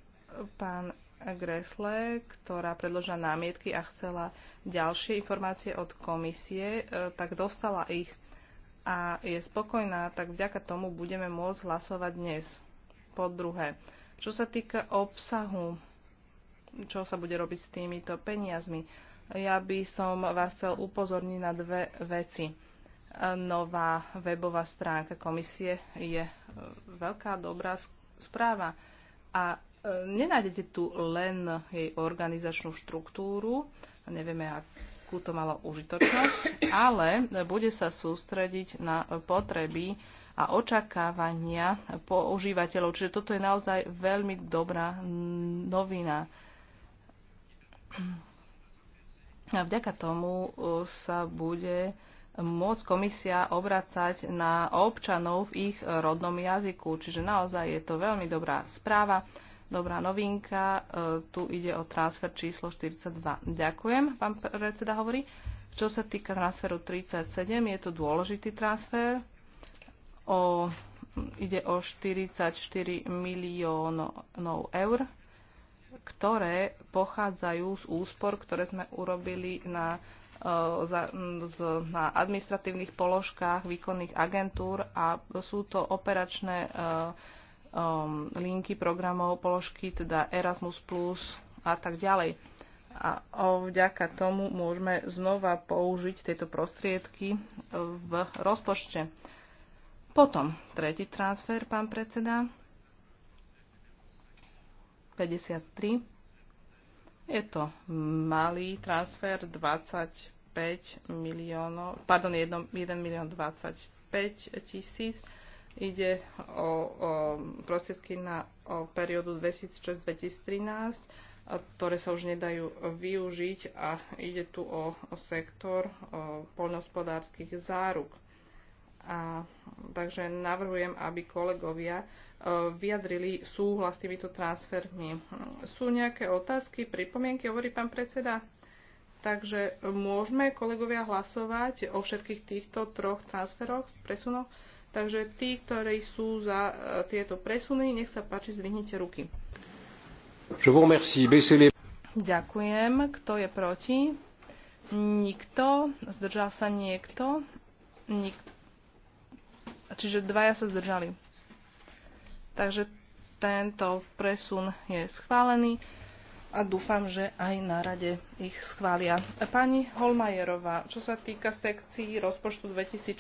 B: Pán Gresle, ktorá predložila námietky a chcela ďalšie informácie od komisie, eh, tak dostala ich a je spokojná, tak vďaka tomu budeme môcť hlasovať dnes. Po druhé, čo sa týka obsahu, čo sa bude robiť s týmito peniazmi, ja by som vás chcel upozorniť na dve veci. Nová webová stránka komisie je e, veľká dobrá správa a e, nenájdete tu len jej organizačnú štruktúru, nevieme, výsledku to malo užitočnosť, ale bude sa sústrediť na potreby a očakávania používateľov. Čiže toto je naozaj veľmi dobrá novina. A vďaka tomu uh, sa bude môcť komisia obracať na občanov v ich rodnom jazyku. Čiže naozaj je to veľmi dobrá správa dobrá novinka. E, tu ide o transfer číslo 42. Ďakujem, pán predseda hovorí. Čo sa týka transferu 37, je to dôležitý transfer. O, ide o 44 miliónov eur, ktoré pochádzajú z úspor, ktoré sme urobili na, e, na administratívnych položkách výkonných agentúr a sú to operačné e, um, linky programov, položky, teda Erasmus+, a tak ďalej. A vďaka tomu môžeme znova použiť tieto prostriedky v rozpočte. Potom tretí transfer, pán predseda, 53. Je to malý transfer 25 miliónov, pardon, 1 milión 25 tisíc Ide o, o prostriedky na o periódu 2006-2013, ktoré sa už nedajú využiť a ide tu o, o sektor o, poľnohospodárskych záruk. A, takže navrhujem, aby kolegovia e, vyjadrili súhlas s týmito transfermi. Sú nejaké otázky, pripomienky, hovorí pán predseda? Takže môžeme kolegovia hlasovať o všetkých týchto troch transferoch, presunoch? Takže tí, ktorí sú za e, tieto presuny, nech sa páči, zvihnite ruky.
A: Je vous remercie. Baissez les...
B: Ďakujem. Kto je proti? Nikto. Zdržal sa niekto? Nikto. Čiže dvaja sa zdržali. Takže tento presun je schválený a dúfam, že aj na rade ich schvália. Pani Holmajerová, čo sa týka sekcií rozpočtu 2014,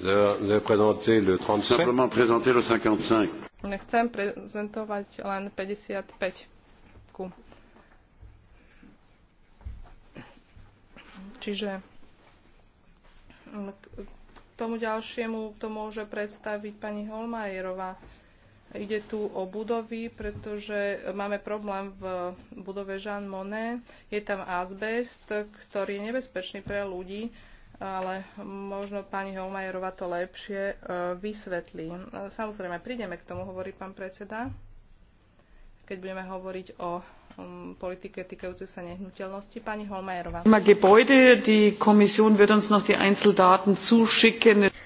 A: Simplement présenter le 55.
B: prezentovať len 55. Čiže k tomu ďalšiemu to môže predstaviť pani Holmajerová. Ide tu o budovy, pretože máme problém v budove Jean Monnet. Je tam azbest, ktorý je nebezpečný pre ľudí ale možno pani Holmajerová to lepšie e, vysvetlí. Samozrejme, prídeme k tomu, hovorí pán predseda, keď budeme hovoriť o mm, politike týkajúcej sa nehnuteľnosti. Pani Holmajerová.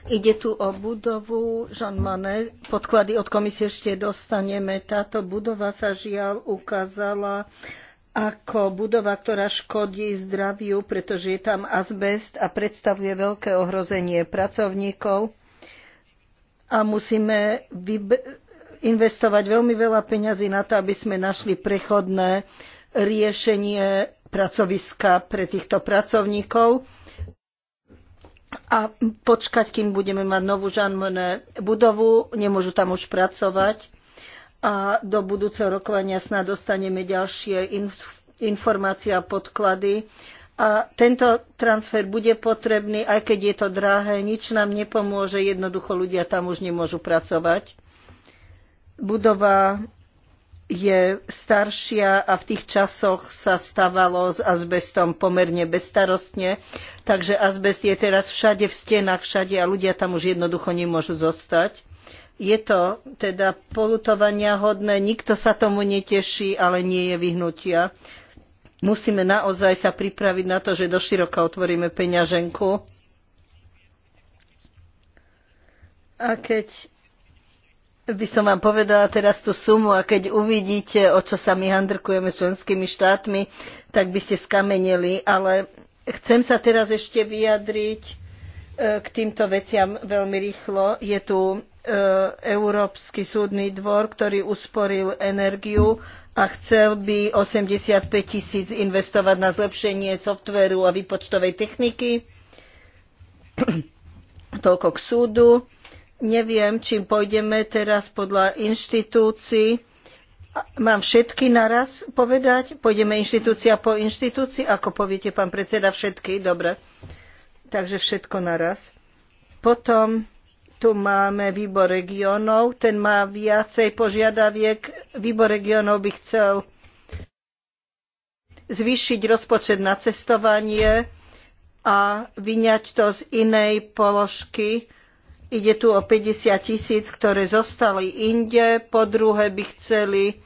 C: Ide tu o budovu Jean Manet. Podklady od komisie ešte dostaneme. Táto budova sa žiaľ ukázala ako budova, ktorá škodí zdraviu, pretože je tam azbest a predstavuje veľké ohrozenie pracovníkov a musíme investovať veľmi veľa peňazí na to, aby sme našli prechodné riešenie pracoviska pre týchto pracovníkov a počkať, kým budeme mať novú žanmene budovu, nemôžu tam už pracovať a do budúceho rokovania snad dostaneme ďalšie informácie a podklady. A tento transfer bude potrebný, aj keď je to drahé, nič nám nepomôže, jednoducho ľudia tam už nemôžu pracovať. Budova je staršia a v tých časoch sa stávalo s azbestom pomerne bezstarostne, takže azbest je teraz všade v stenách, všade a ľudia tam už jednoducho nemôžu zostať. Je to teda polutovania hodné, nikto sa tomu neteší, ale nie je vyhnutia. Musíme naozaj sa pripraviť na to, že doširoka otvoríme peňaženku. A keď by som vám povedala teraz tú sumu a keď uvidíte, o čo sa my handrkujeme s členskými štátmi, tak by ste skameneli, ale chcem sa teraz ešte vyjadriť e, k týmto veciam veľmi rýchlo. Je tu E, Európsky súdny dvor, ktorý usporil energiu a chcel by 85 tisíc investovať na zlepšenie softvéru a výpočtovej techniky. Toľko k súdu. Neviem, čím pôjdeme teraz podľa inštitúcií. Mám všetky naraz povedať? Pôjdeme inštitúcia po inštitúcii? Ako poviete, pán predseda, všetky? Dobre. Takže všetko naraz. Potom tu máme výbor regionov, ten má viacej požiadaviek. Výbor regionov by chcel zvýšiť rozpočet na cestovanie a vyňať to z inej položky. Ide tu o 50 tisíc, ktoré zostali inde. Po druhé by chceli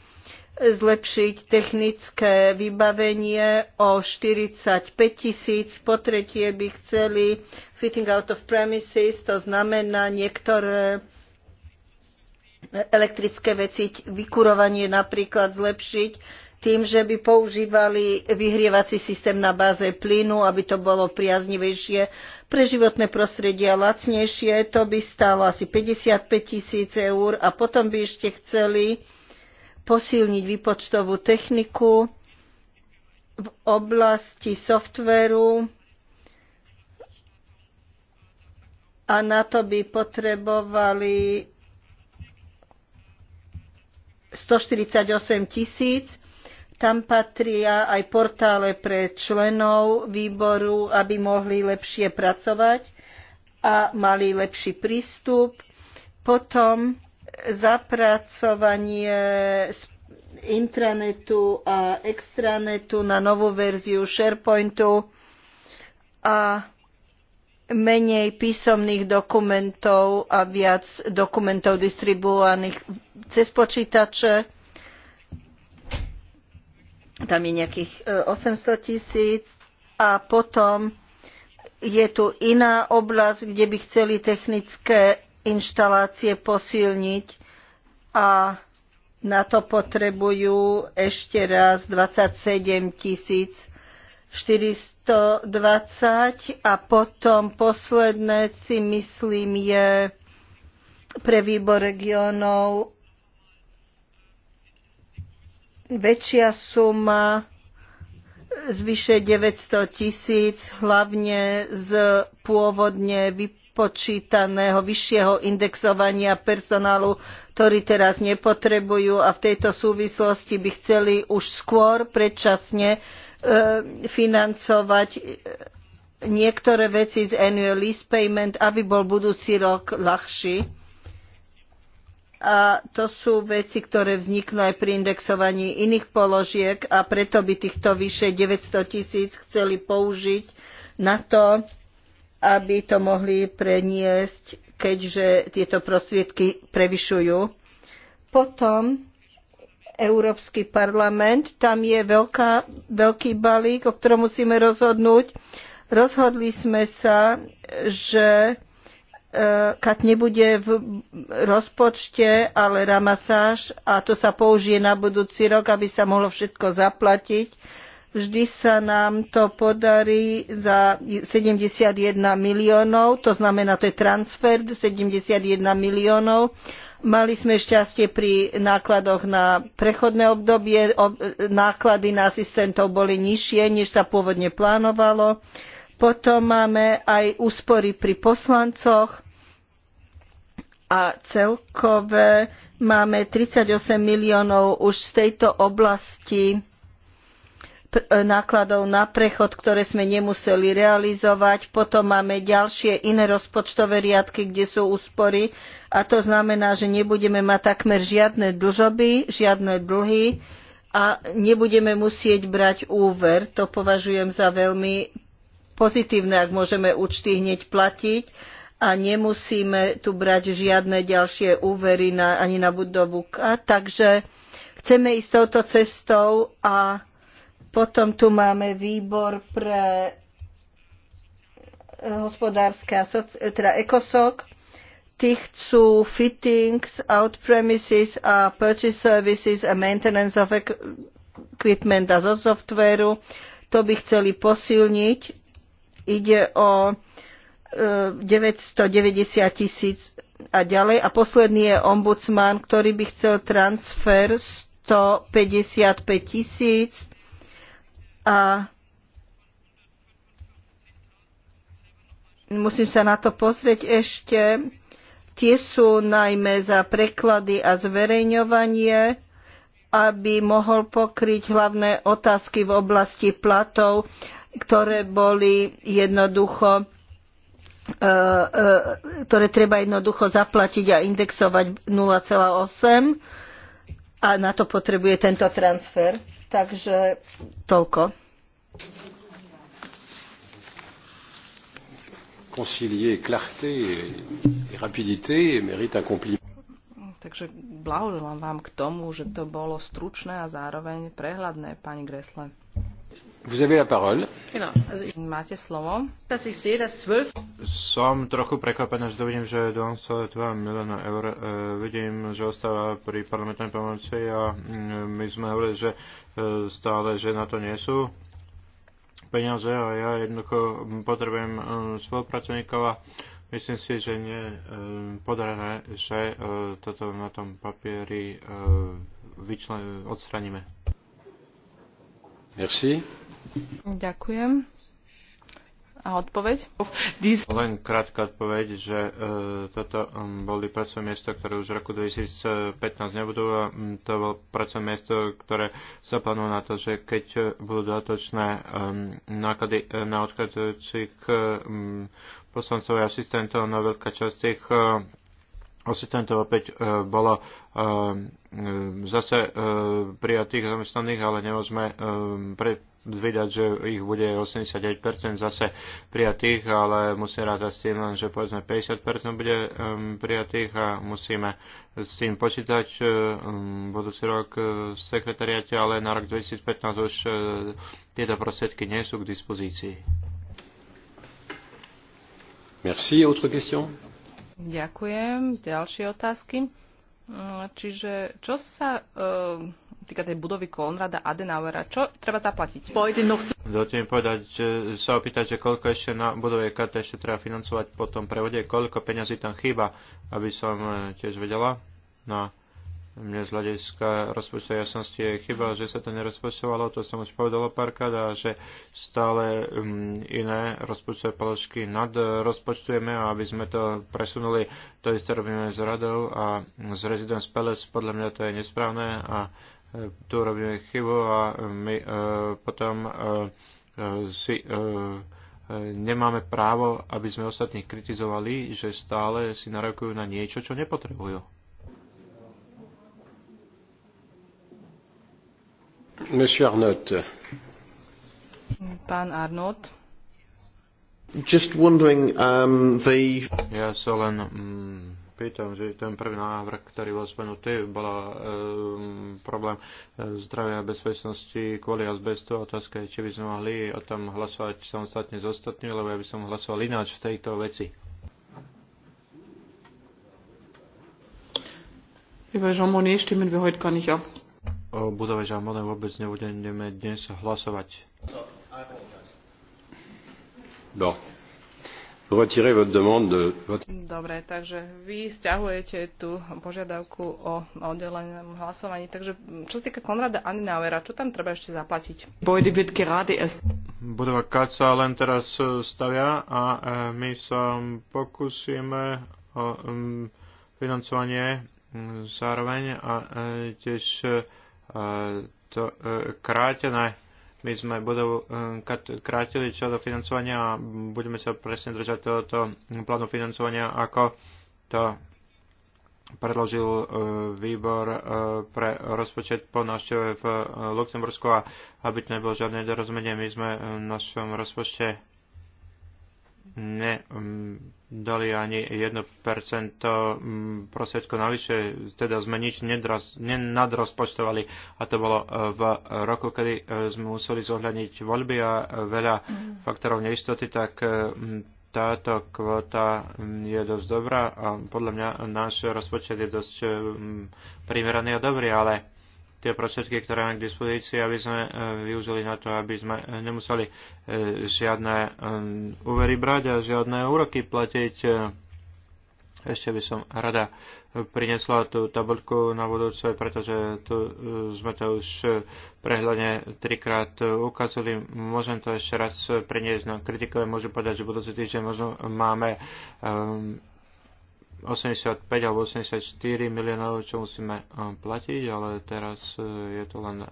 C: zlepšiť technické vybavenie o 45 tisíc. Po tretie by chceli fitting out of premises, to znamená niektoré elektrické veci, vykurovanie napríklad zlepšiť tým, že by používali vyhrievací systém na báze plynu, aby to bolo priaznivejšie pre životné prostredie a lacnejšie. To by stálo asi 55 tisíc eur a potom by ešte chceli posilniť výpočtovú techniku v oblasti softveru a na to by potrebovali 148 tisíc. Tam patria aj portále pre členov výboru, aby mohli lepšie pracovať a mali lepší prístup. Potom zapracovanie intranetu a extranetu na novú verziu SharePointu a menej písomných dokumentov a viac dokumentov distribuovaných cez počítače. Tam je nejakých 800 e, tisíc. A potom je tu iná oblasť, kde by chceli technické inštalácie posilniť a na to potrebujú ešte raz 27 tisíc 420 a potom posledné si myslím je pre výbor regionov väčšia suma zvyše 900 tisíc, hlavne z pôvodne vyp- vypočítaného vyššieho indexovania personálu, ktorý teraz nepotrebujú a v tejto súvislosti by chceli už skôr predčasne e, financovať e, niektoré veci z annual lease payment, aby bol budúci rok ľahší. A to sú veci, ktoré vzniknú aj pri indexovaní iných položiek a preto by týchto vyše 900 tisíc chceli použiť na to, aby to mohli preniesť, keďže tieto prostriedky prevyšujú. Potom Európsky parlament, tam je veľká, veľký balík, o ktorom musíme rozhodnúť. Rozhodli sme sa, že e, kat nebude v rozpočte, ale ramasáž a to sa použije na budúci rok, aby sa mohlo všetko zaplatiť Vždy sa nám to podarí za 71 miliónov, to znamená, to je transfer 71 miliónov. Mali sme šťastie pri nákladoch na prechodné obdobie, náklady na asistentov boli nižšie, než sa pôvodne plánovalo. Potom máme aj úspory pri poslancoch a celkové máme 38 miliónov už z tejto oblasti E, nákladov na prechod, ktoré sme nemuseli realizovať. Potom máme ďalšie iné rozpočtové riadky, kde sú úspory a to znamená, že nebudeme mať takmer žiadne dlžoby, žiadne dlhy a nebudeme musieť brať úver. To považujem za veľmi pozitívne, ak môžeme účty hneď platiť a nemusíme tu brať žiadne ďalšie úvery na, ani na budovu. Takže chceme ísť touto cestou a potom tu máme výbor pre eh, hospodárske, teda ECOSOC. Tí chcú fittings, out-premises a purchase services a maintenance of equipment a zo softvéru. To by chceli posilniť. Ide o 990 eh, tisíc a ďalej. A posledný je ombudsman, ktorý by chcel transfer 155 tisíc a musím sa na to pozrieť ešte. Tie sú najmä za preklady a zverejňovanie, aby mohol pokryť hlavné otázky v oblasti platov, ktoré boli jednoducho e, e, ktoré treba jednoducho zaplatiť a indexovať 0,8 a na to potrebuje tento transfer. Takže toľko.
A: Concilier clarté et rapidité mérite un compliment.
B: Takže blahoželám vám k tomu, že to bolo stručné a zároveň prehľadné, pani Gresle.
A: Som trochu prekvapená, že vidím, že 2,2 milióna eur e, vidím, že ostáva pri parlamentnej pomoci a mm, my sme hovorili, že e, stále, že na to nie sú peniaze a ja jednoducho potrebujem e, spolupracovníkov a myslím si, že nie podarené, že toto na tom papieri e, odstraníme. Merci.
B: Ďakujem. A odpoveď?
A: Len krátka odpoveď, že e, toto um, boli pracovné miesto, ktoré už v roku 2015 nebudú a um, to bolo pracovné miesto, ktoré sa plánujú na to, že keď e, budú dodatočné um, náklady e, na odchádzajúcich um, poslancov a asistentov, no veľká časť tých um, asistentov opäť um, bolo um, zase um, prijatých zamestnaných, ale nemôžeme um, pre, Zvedať, že ich bude 89% zase prijatých, ale musíme rátať s tým, že povedzme 50% bude um, prijatých a musíme s tým počítať um, budúci rok uh, v sekretariate, ale na rok 2015 už uh, tieto prostriedky nie sú k dispozícii. Merci. Autre question?
B: Ďakujem. Ďalšie otázky. Mm, čiže čo sa uh, týka tej budovy Konrada Adenauera. Čo treba zaplatiť? Dovolte
A: mi povedať, že sa opýtať, že koľko ešte na budove e KT ešte treba financovať po tom prevode, koľko peňazí tam chýba, aby som e, tiež vedela. No, mne z hľadiska rozpočtovej jasnosti je chyba, že sa to nerozpočtovalo, to som už povedala párkrát, a že stále um, iné rozpočtové položky nadrozpočtujeme a aby sme to presunuli, to isté robíme s radou a s Residence Palace, podľa mňa to je nesprávne a tu robíme chybu a my uh, potom uh, si uh, nemáme právo, aby sme ostatných kritizovali, že stále si narokujú na niečo, čo nepotrebujú.
C: Monsieur Arnott.
B: Pán Arnott.
C: Just
A: wondering, um, the... Ja sa len mm, pýtam, že ten prvý návrh, ktorý bol spomenutý, bola um, problém eh, zdravia a bezpečnosti kvôli azbestu. Otázka je, či by sme mohli o tom hlasovať samostatne z ostatnými, lebo ja by som hlasoval ináč v tejto veci.
B: Über Jean Monnet stimmen wir heute gar
A: O budove Jean vôbec nebudeme dnes hlasovať. Do. No votre demande de...
B: Dobre, takže vy stiahujete tú požiadavku o oddelenom hlasovaní. Takže čo sa týka Konrada Adenauera, čo tam treba ešte zaplatiť?
A: Budova Kaca len teraz stavia a e, my sa pokúsime o financovanie zároveň a e, tiež e, to krátené my sme budovu eh, krátili čo do financovania a budeme sa presne držať tohoto plánu financovania, ako to predložil eh, výbor eh, pre rozpočet po návšteve v Luxembursku a aby to nebolo žiadne dorozumenie, my sme v našom rozpočte nedali ani 1% mm, prosvedko navyše, teda sme nič nedraz, nenadrozpočtovali a to bolo e, v roku, kedy e, sme museli zohľadniť voľby a veľa faktorov neistoty, tak e, táto kvota je dosť dobrá a podľa mňa náš rozpočet je dosť primeraný a dobrý, ale tie prostriedky, ktoré máme k dispozícii, aby sme e, využili na to, aby sme e, nemuseli e, žiadne úvery brať a žiadne úroky platiť. Ešte by som rada prinesla tú tabuľku na budúce, pretože tu sme to už prehľadne trikrát ukázali. Môžem to ešte raz priniesť na kritikové, môžu povedať, že budúci týždeň možno máme um, 85 alebo 84 miliónov, čo musíme eh, platiť, ale teraz eh, je to len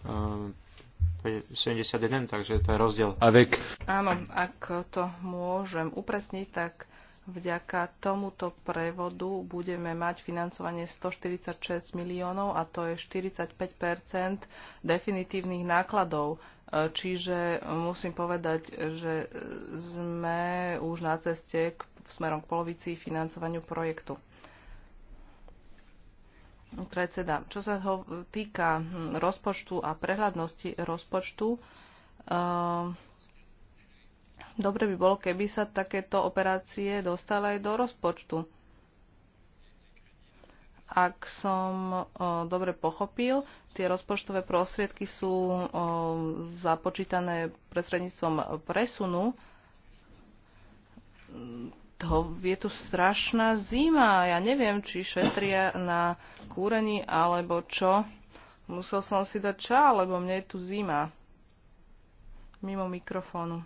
A: 71, eh, takže to je rozdiel. vek.
B: Áno, ak to môžem upresniť, tak vďaka tomuto prevodu budeme mať financovanie 146 miliónov a to je 45 definitívnych nákladov. Čiže musím povedať, že sme už na ceste k smerom k polovici financovaniu projektu. Predseda, čo sa ho týka rozpočtu a prehľadnosti rozpočtu, eh, dobre by bolo, keby sa takéto operácie dostali aj do rozpočtu. Ak som eh, dobre pochopil, tie rozpočtové prostriedky sú eh, započítané predsredníctvom presunu to je tu strašná zima. Ja neviem, či šetria na kúrení alebo čo. Musel som si dať čá, lebo mne je tu zima. Mimo mikrofónu.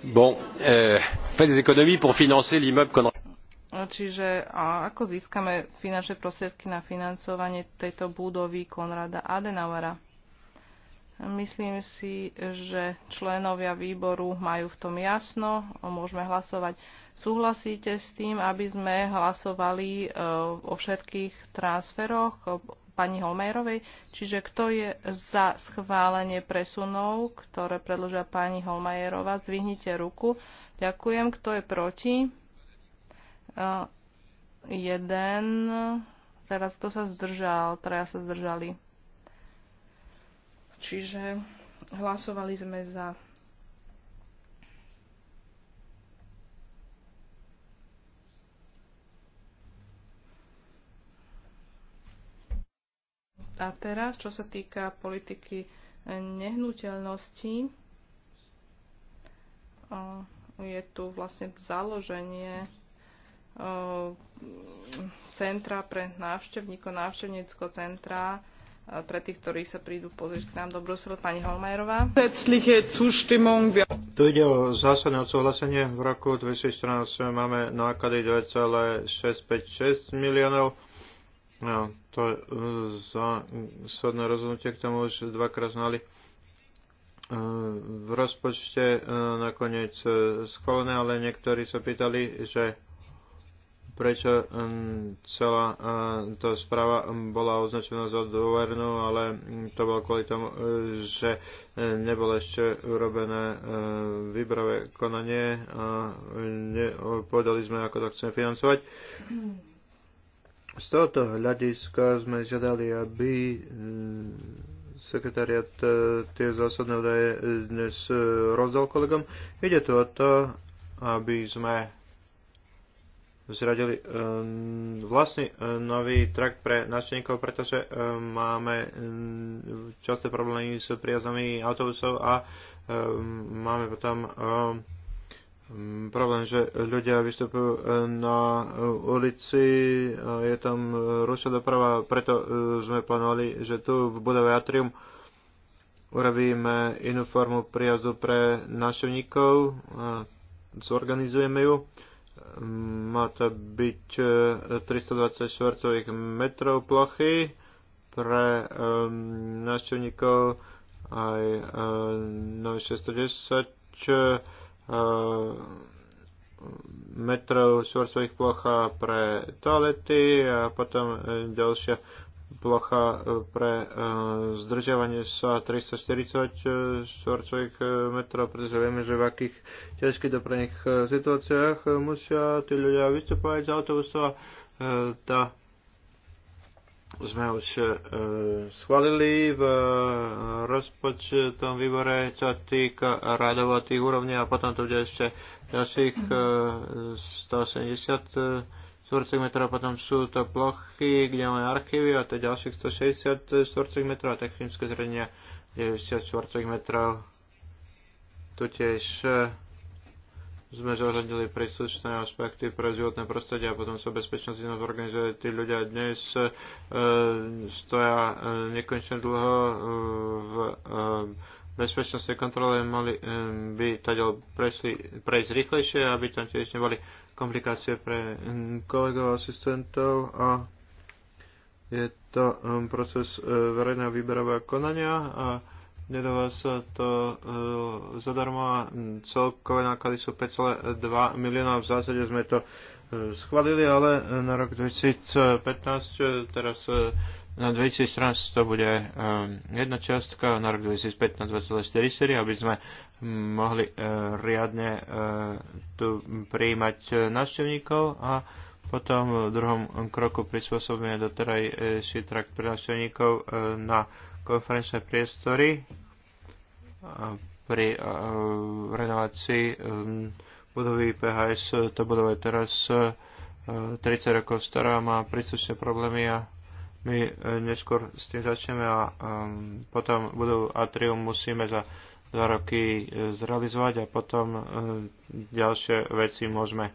A: Bon, euh, faites des économies pour financer l'immeuble qu'on...
B: No, čiže a ako získame finančné prostriedky na financovanie tejto budovy Konrada Adenauera? Myslím si, že členovia výboru majú v tom jasno, môžeme hlasovať. Súhlasíte s tým, aby sme hlasovali e, o všetkých transferoch pani Holmérovej? Čiže kto je za schválenie presunov, ktoré predložia pani Holmajerová? Zdvihnite ruku. Ďakujem. Kto je proti? E, jeden. Teraz kto sa zdržal? Traja sa zdržali. Čiže hlasovali sme za A teraz, čo sa týka politiky nehnuteľnosti, je tu vlastne založenie centra pre návštevníkov, návštevníckého centra pre tých, ktorí sa prídu pozrieť k nám do Bruselu. Pani Holmajerová.
A: Tu ide o zásadné odsúhlasenie. V roku 2014 máme náklady 2,656 miliónov. No, to je zásadné rozhodnutie, k tomu už dvakrát znali e, v rozpočte e, nakoniec e, schválené, ale niektorí sa pýtali, že prečo um, celá uh, tá správa um, bola označená za dôvernú, ale um, to bolo kvôli tomu, uh, že uh, nebolo ešte urobené výbrové konanie a povedali sme, ako to chceme financovať. Z tohoto hľadiska sme žiadali, aby sekretariat tie zásadné údaje dnes rozdal kolegom. Ide to o to, aby sme zradili ehm, vlastný e, nový trak pre návštevníkov, pretože e, máme mm, časté problémy s prijazdami autobusov a ehm, máme potom ehm, problém, že ľudia vystupujú e, na ulici, je tam ruša doprava, preto sme plánovali, že tu v budove Atrium urobíme inú formu prijazdu pre návštevníkov, zorganizujeme ju má to byť 320 e, štvorcových metrov plochy pre um, návštevníkov aj um, 610 um, metrov štvorcových plocha pre toalety a potom e, ďalšia plocha e, pre e, zdržiavanie sa 340 e, štvorcových metrov, pretože vieme, že v akých ťažkých dopravných situáciách musia tí ľudia vystupovať z Uh, Tá sme už uh, schválili v rozpočtom výbore, čo týka radových úrovní a potom to bude ešte ďalších e, 180 štvorcových metrov, potom sú to plochy, kde máme archívy a to je ďalších 160 štvorcových metrov a technické zredenia 90 štvorcových metrov. Tu tiež e, sme zohľadili príslušné aspekty pre životné prostredie a potom sa bezpečnosť inak organizuje. Tí ľudia dnes e, stoja e, nekonečne dlho e, v e, bezpečnostnej kontrole mali e, by taďal prešli, prejsť rýchlejšie, aby tam tiež neboli komplikácie pre hm, kolegov, asistentov a je to hm, proces e, verejného výberového konania a nedáva sa to e, zadarmo a hm, celkové náklady sú 5,2 milióna. V zásade sme to e, schválili, ale na rok 2015 teraz na 2014 to bude ehm, jedna častka, na rok 2015 2,44, aby sme mohli eh, riadne eh, tu prijímať eh, návštevníkov a potom v druhom kroku prispôsobíme si trakt pre návštevníkov na konferenčné priestory pri renovácii ehm, budovy PHS. To budova je teraz 30 rokov stará, má príslušné problémy a my eh, neskôr s tým začneme a ehm, potom budú atrium musíme za dva roky eh, zrealizovať a potom eh, ďalšie veci môžeme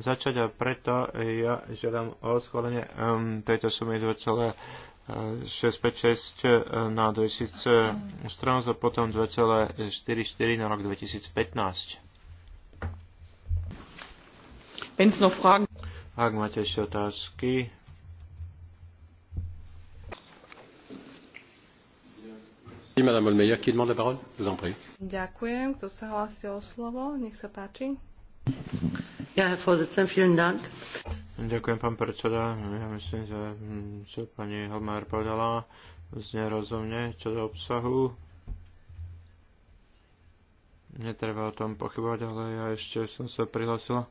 A: začať a preto ja žiadam o schválenie ehm, tejto sumy 2,656 na 2000 stranu a potom 2,44 na rok 2015. Ak máte ešte otázky, Ďakujem.
B: Kto sa hlási o slovo? Nech sa páči.
A: Ja, Ďakujem, pán predseda. Ja myslím, že hm, čo pani Holmár povedala, znie rozumne, čo do obsahu. Netreba o tom pochybovať, ale ja ešte som sa prihlásila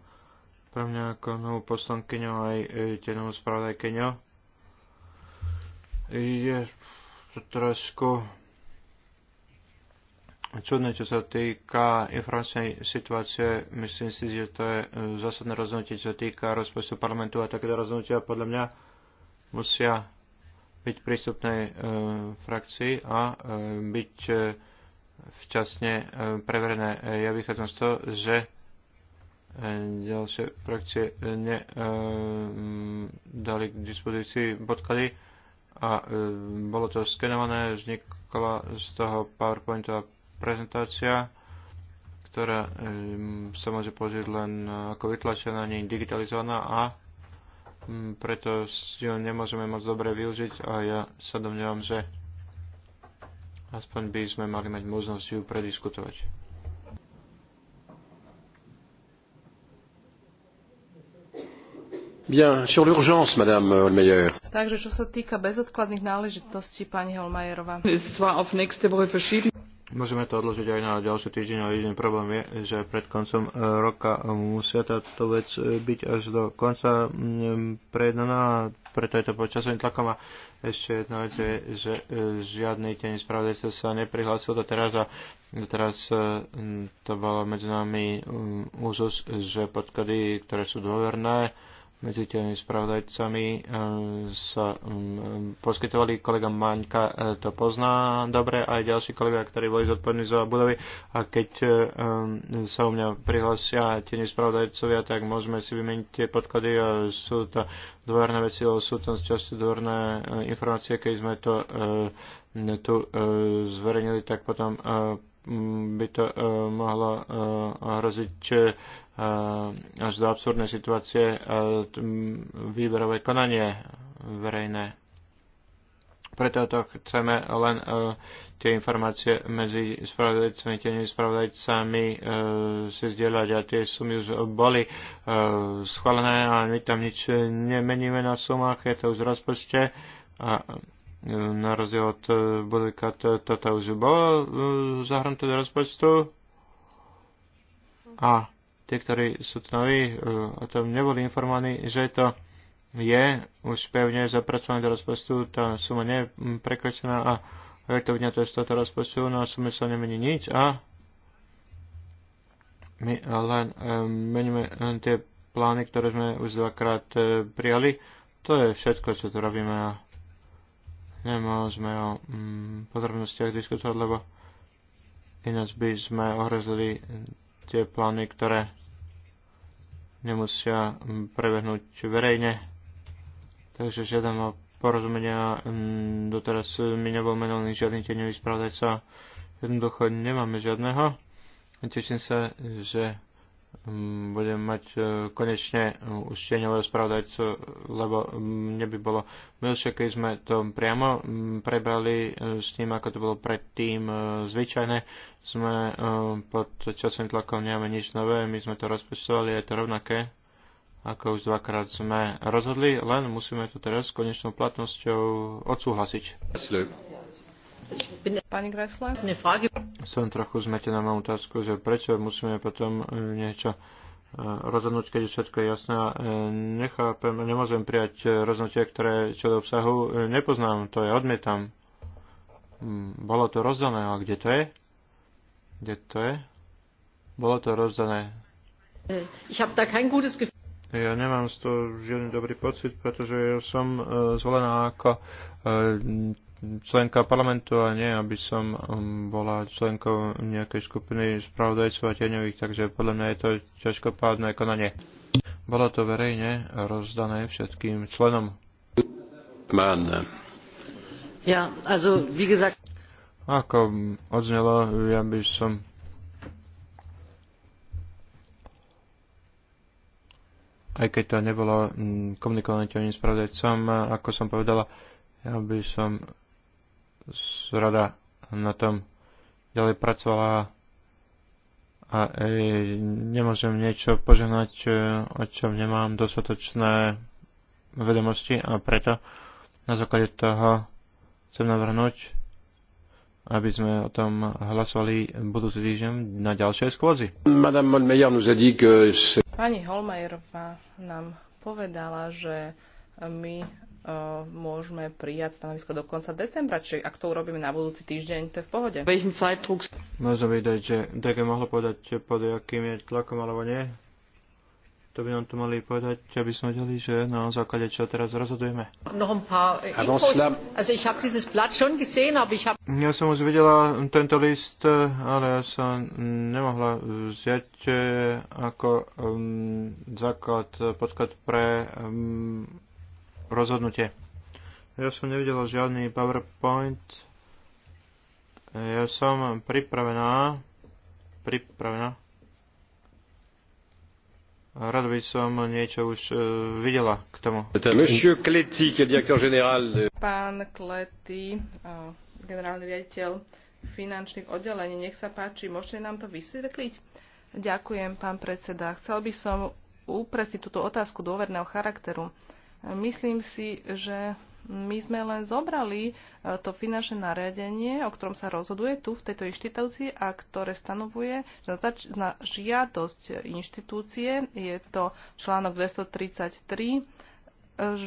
A: pre mňa ako novú poslankyňu aj e, tenovú spravodajkyňu. Je to trošku čudné, čo sa týka informačnej situácie. Myslím si, že to je e, zásadné rozhodnutie, čo sa týka rozpočtu parlamentu a takéto rozhodnutia podľa mňa musia byť prístupnej e, frakcii a e, byť e, včasne e, preverené. E, ja vychádzam z toho, že e, ďalšie frakcie e, ne, e, dali k dispozícii podklady a e, bolo to skenované, vznikla z toho PowerPointová prezentácia, ktorá sa môže pozrieť len ako vytlačená, nie digitalizovaná a preto si ju nemôžeme moc dobre využiť a ja sa domňujem, že aspoň by sme mali mať možnosť ju prediskutovať.
C: Bien, sur l'urgence, Madame Holmeyer.
B: Takže čo sa týka bezodkladných náležitostí, pani Holmeyerová.
A: Môžeme to odložiť aj na ďalší týždeň, ale jediný problém je, že pred koncom e, roka musia táto vec e, byť až do konca prejednaná, preto je to pod časovým tlakom a ešte jedna vec je, že e, žiadny ten spravodajca sa neprihlásil do teraz a teraz to bolo medzi nami úzus, že podklady, ktoré sú dôverné, medzi tými spravodajcami eh, sa mm, mm, poskytovali. Kolega Maňka eh, to pozná dobre, aj ďalší kolega, ktorí boli zodpovední za budovy. A keď eh, mm, sa u mňa prihlasia tie nespravodajcovia, tak môžeme si vymeniť tie podklady. sú to dôverné veci, lebo sú tam často dôverné informácie, keď sme to tu zverejnili, tak potom by to e, mohlo e, ohroziť e, až do absurdné situácie výberové konanie verejné. Preto to chceme len tie informácie medzi spravodajcami, tými spravodajcami uh, si zdieľať a tie sumy už boli uh, schválené a my tam nič nemeníme na sumách, je to už v rozpočte. Uh, na rozdiel od e, Bodeka Tata už bolo e, zahrnuté do rozpočtu a tie, ktorí sú to noví, e, o tom neboli informovaní, že to je už pevne zapracované do rozpočtu, tá suma nie je prekročená a je to je z tohto rozpočtu, no a sume sa nemení nič a my len meníme tie plány, ktoré sme už dvakrát prijali. To je všetko, čo tu robíme a sme o mm, podrobnostiach diskutovať, lebo ináč by sme ohrozili mm, tie plány, ktoré nemusia mm, prebehnúť verejne. Takže žiadam o porozumenia. Mm, doteraz mi nebol menovaný žiadny tieňový spravodajca. Jednoducho nemáme žiadneho. Teším sa, že Mm, budem mať e, konečne e, už spravodajcu, lebo mne by bolo milšie, keď sme to priamo prebrali e, s tým, ako to bolo predtým zvyčajné. Sme pod časovým tlakom, nemáme nič nové, my sme to rozpočtovali, je to rovnaké, ako už dvakrát sme rozhodli, len musíme to teraz s konečnou platnosťou odsúhlasiť.
B: Pani Gressler?
A: Som trochu zmetená, mám otázku, že prečo musíme potom eh, niečo eh, rozhodnúť, keď je všetko jasné. Eh, nechápem, nemôžem prijať rozhodnutie, ktoré čo do obsahu nepoznám, to je odmietam. Mm, bolo to rozdané, a kde to je? Kde to je? Bolo to rozdané.
C: Äh, ich habe da kein gutes
A: Gefühl. Ja nemám z toho žiadny dobrý pocit, pretože ja som zvolená ako členka parlamentu a nie, aby som um, bola členkou nejakej skupiny spravodajcov a tieňových, takže podľa mňa je to pádne konanie. Bolo to verejne rozdané všetkým členom. Man.
C: Ja, also, wie
A: gesagt... Ako odznelo, ja by som aj keď to nebolo mm, komunikované tým spravodajcom, ako som povedala, ja by som rada na tom ďalej pracovala a e, nemôžem niečo požehnať, e, o čom nemám dostatočné vedomosti a preto na základe toho chcem navrhnúť, aby sme o tom hlasovali budúci týždeň na ďalšej schôdzi.
B: Pani Holmajerová nám povedala, že my Eh, môžeme prijať stanovisko do konca decembra, či ak to urobíme na budúci týždeň, to je v pohode.
A: Môžem vidieť, že DG mohlo povedať, pod akým je tlakom alebo nie. To by nám to mali povedať, aby sme vedeli, že na základe čo teraz rozhodujeme. Eh, ja som už videla tento list, ale ja som nemohla vziať eh, ako um, základ, podklad pre um, rozhodnutie. Ja som nevidela žiadny PowerPoint. Ja som pripravená. Pripravená. Rád by som niečo už e, videla k tomu. Monsieur Klety, direktor generál.
B: Pán Klety, e, generálny riaditeľ finančných oddelení. Nech sa páči, môžete nám to vysvetliť? Ďakujem, pán predseda. Chcel by som upresniť túto otázku dôverného charakteru. Myslím si, že my sme len zobrali e, to finančné nariadenie, o ktorom sa rozhoduje tu v tejto inštitúcii a ktoré stanovuje, že na, žiadosť inštitúcie je to článok 233, e,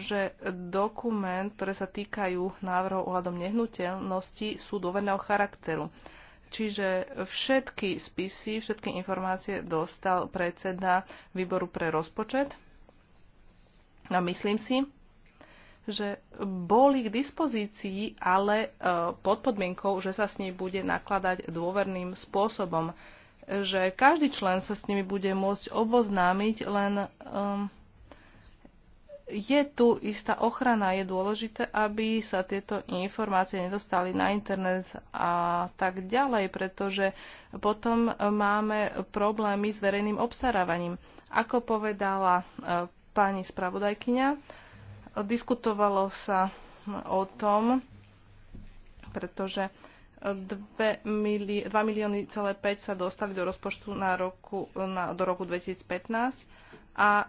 B: že dokument, ktoré sa týkajú návrhov ohľadom nehnuteľnosti, sú dôverného charakteru. Čiže všetky spisy, všetky informácie dostal predseda výboru pre rozpočet a myslím si, že boli k dispozícii, ale e, pod podmienkou, že sa s nimi bude nakladať dôverným spôsobom. Že každý člen sa s nimi bude môcť oboznámiť, len um, je tu istá ochrana. Je dôležité, aby sa tieto informácie nedostali na internet a tak ďalej, pretože potom máme problémy s verejným obstarávaním. Ako povedala e, pani spravodajkyňa. Diskutovalo sa o tom, pretože 2 milióny, celé 5 sa dostali do rozpočtu na roku, na, do roku 2015 a e,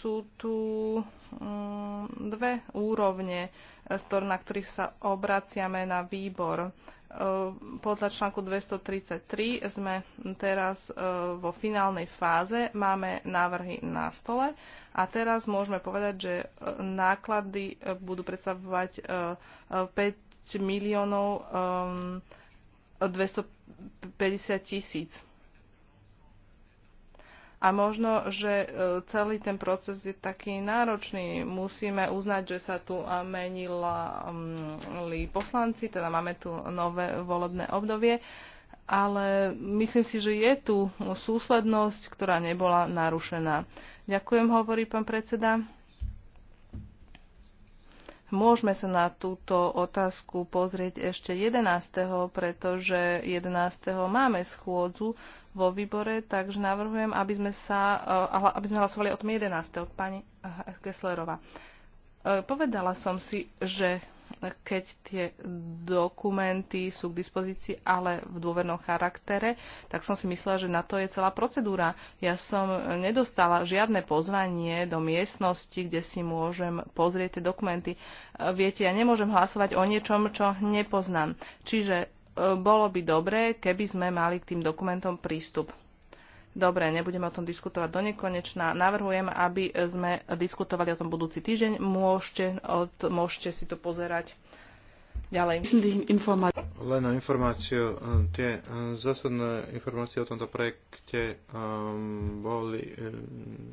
B: sú tu e, dve úrovne na ktorých sa obraciame na výbor. E, podľa článku 233 sme teraz e, vo finálnej fáze, máme návrhy na stole a teraz môžeme povedať, že e, náklady budú predstavovať 5 miliónov 250 tisíc a možno, že e, celý ten proces je taký náročný. Musíme uznať, že sa tu menili mm, poslanci, teda máme tu nové volebné obdobie, ale myslím si, že je tu súslednosť, ktorá nebola narušená. Ďakujem, hovorí pán predseda. Môžeme sa na túto otázku pozrieť ešte 11., pretože 11. máme schôdzu vo výbore, takže navrhujem, aby sme, sa, eh, aby sme hlasovali o tom 11. pani Kesslerová. Eh, povedala som si, že keď tie dokumenty sú k dispozícii, ale v dôvernom charaktere, tak som si myslela, že na to je celá procedúra. Ja som nedostala žiadne pozvanie do miestnosti, kde si môžem pozrieť tie dokumenty. Viete, ja nemôžem hlasovať o niečom, čo nepoznám. Čiže e, bolo by dobré, keby sme mali k tým dokumentom prístup. Dobre, nebudeme o tom diskutovať do nekonečna. Navrhujem, aby sme diskutovali o tom budúci týždeň. Môžete, od, môžete si to pozerať ďalej.
A: Len na informáciu. E, tie e, zásadné informácie o tomto projekte um, boli, um,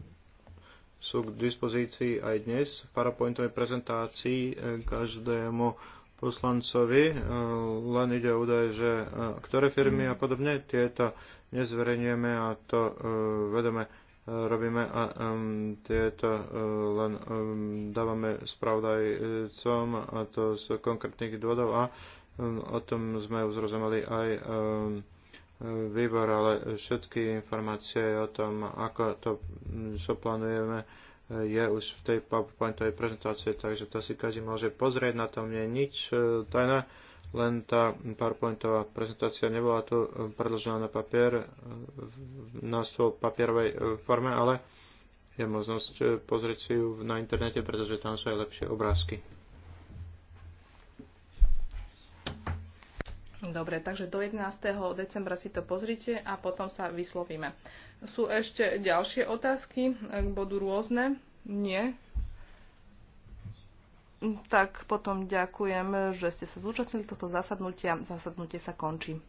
A: sú k dispozícii aj dnes v PowerPointovej prezentácii každému poslancovi. Len ide o údaje, že ktoré firmy a podobne tieto nezverejňujeme a to e, vedome e, robíme a e, tieto len dávame spravodajcom a to z konkrétnych dôvodov a o tom sme uzrozumeli aj výbor, ale všetky informácie o tom, ako to so plánujeme, je už v tej PowerPointovej prezentácii, takže to si každý môže pozrieť, na tom nie je nič tajné len tá PowerPointová prezentácia nebola tu eh, predložená na papier, eh, na svoj papierovej eh, forme, ale je možnosť pozrieť si ju na internete, pretože tam sú aj lepšie obrázky.
B: Dobre, takže do 11. decembra si to pozrite a potom sa vyslovíme. Sú ešte ďalšie otázky k bodu rôzne? Nie? tak potom ďakujem, že ste sa zúčastnili tohto zasadnutia. Zasadnutie sa končí.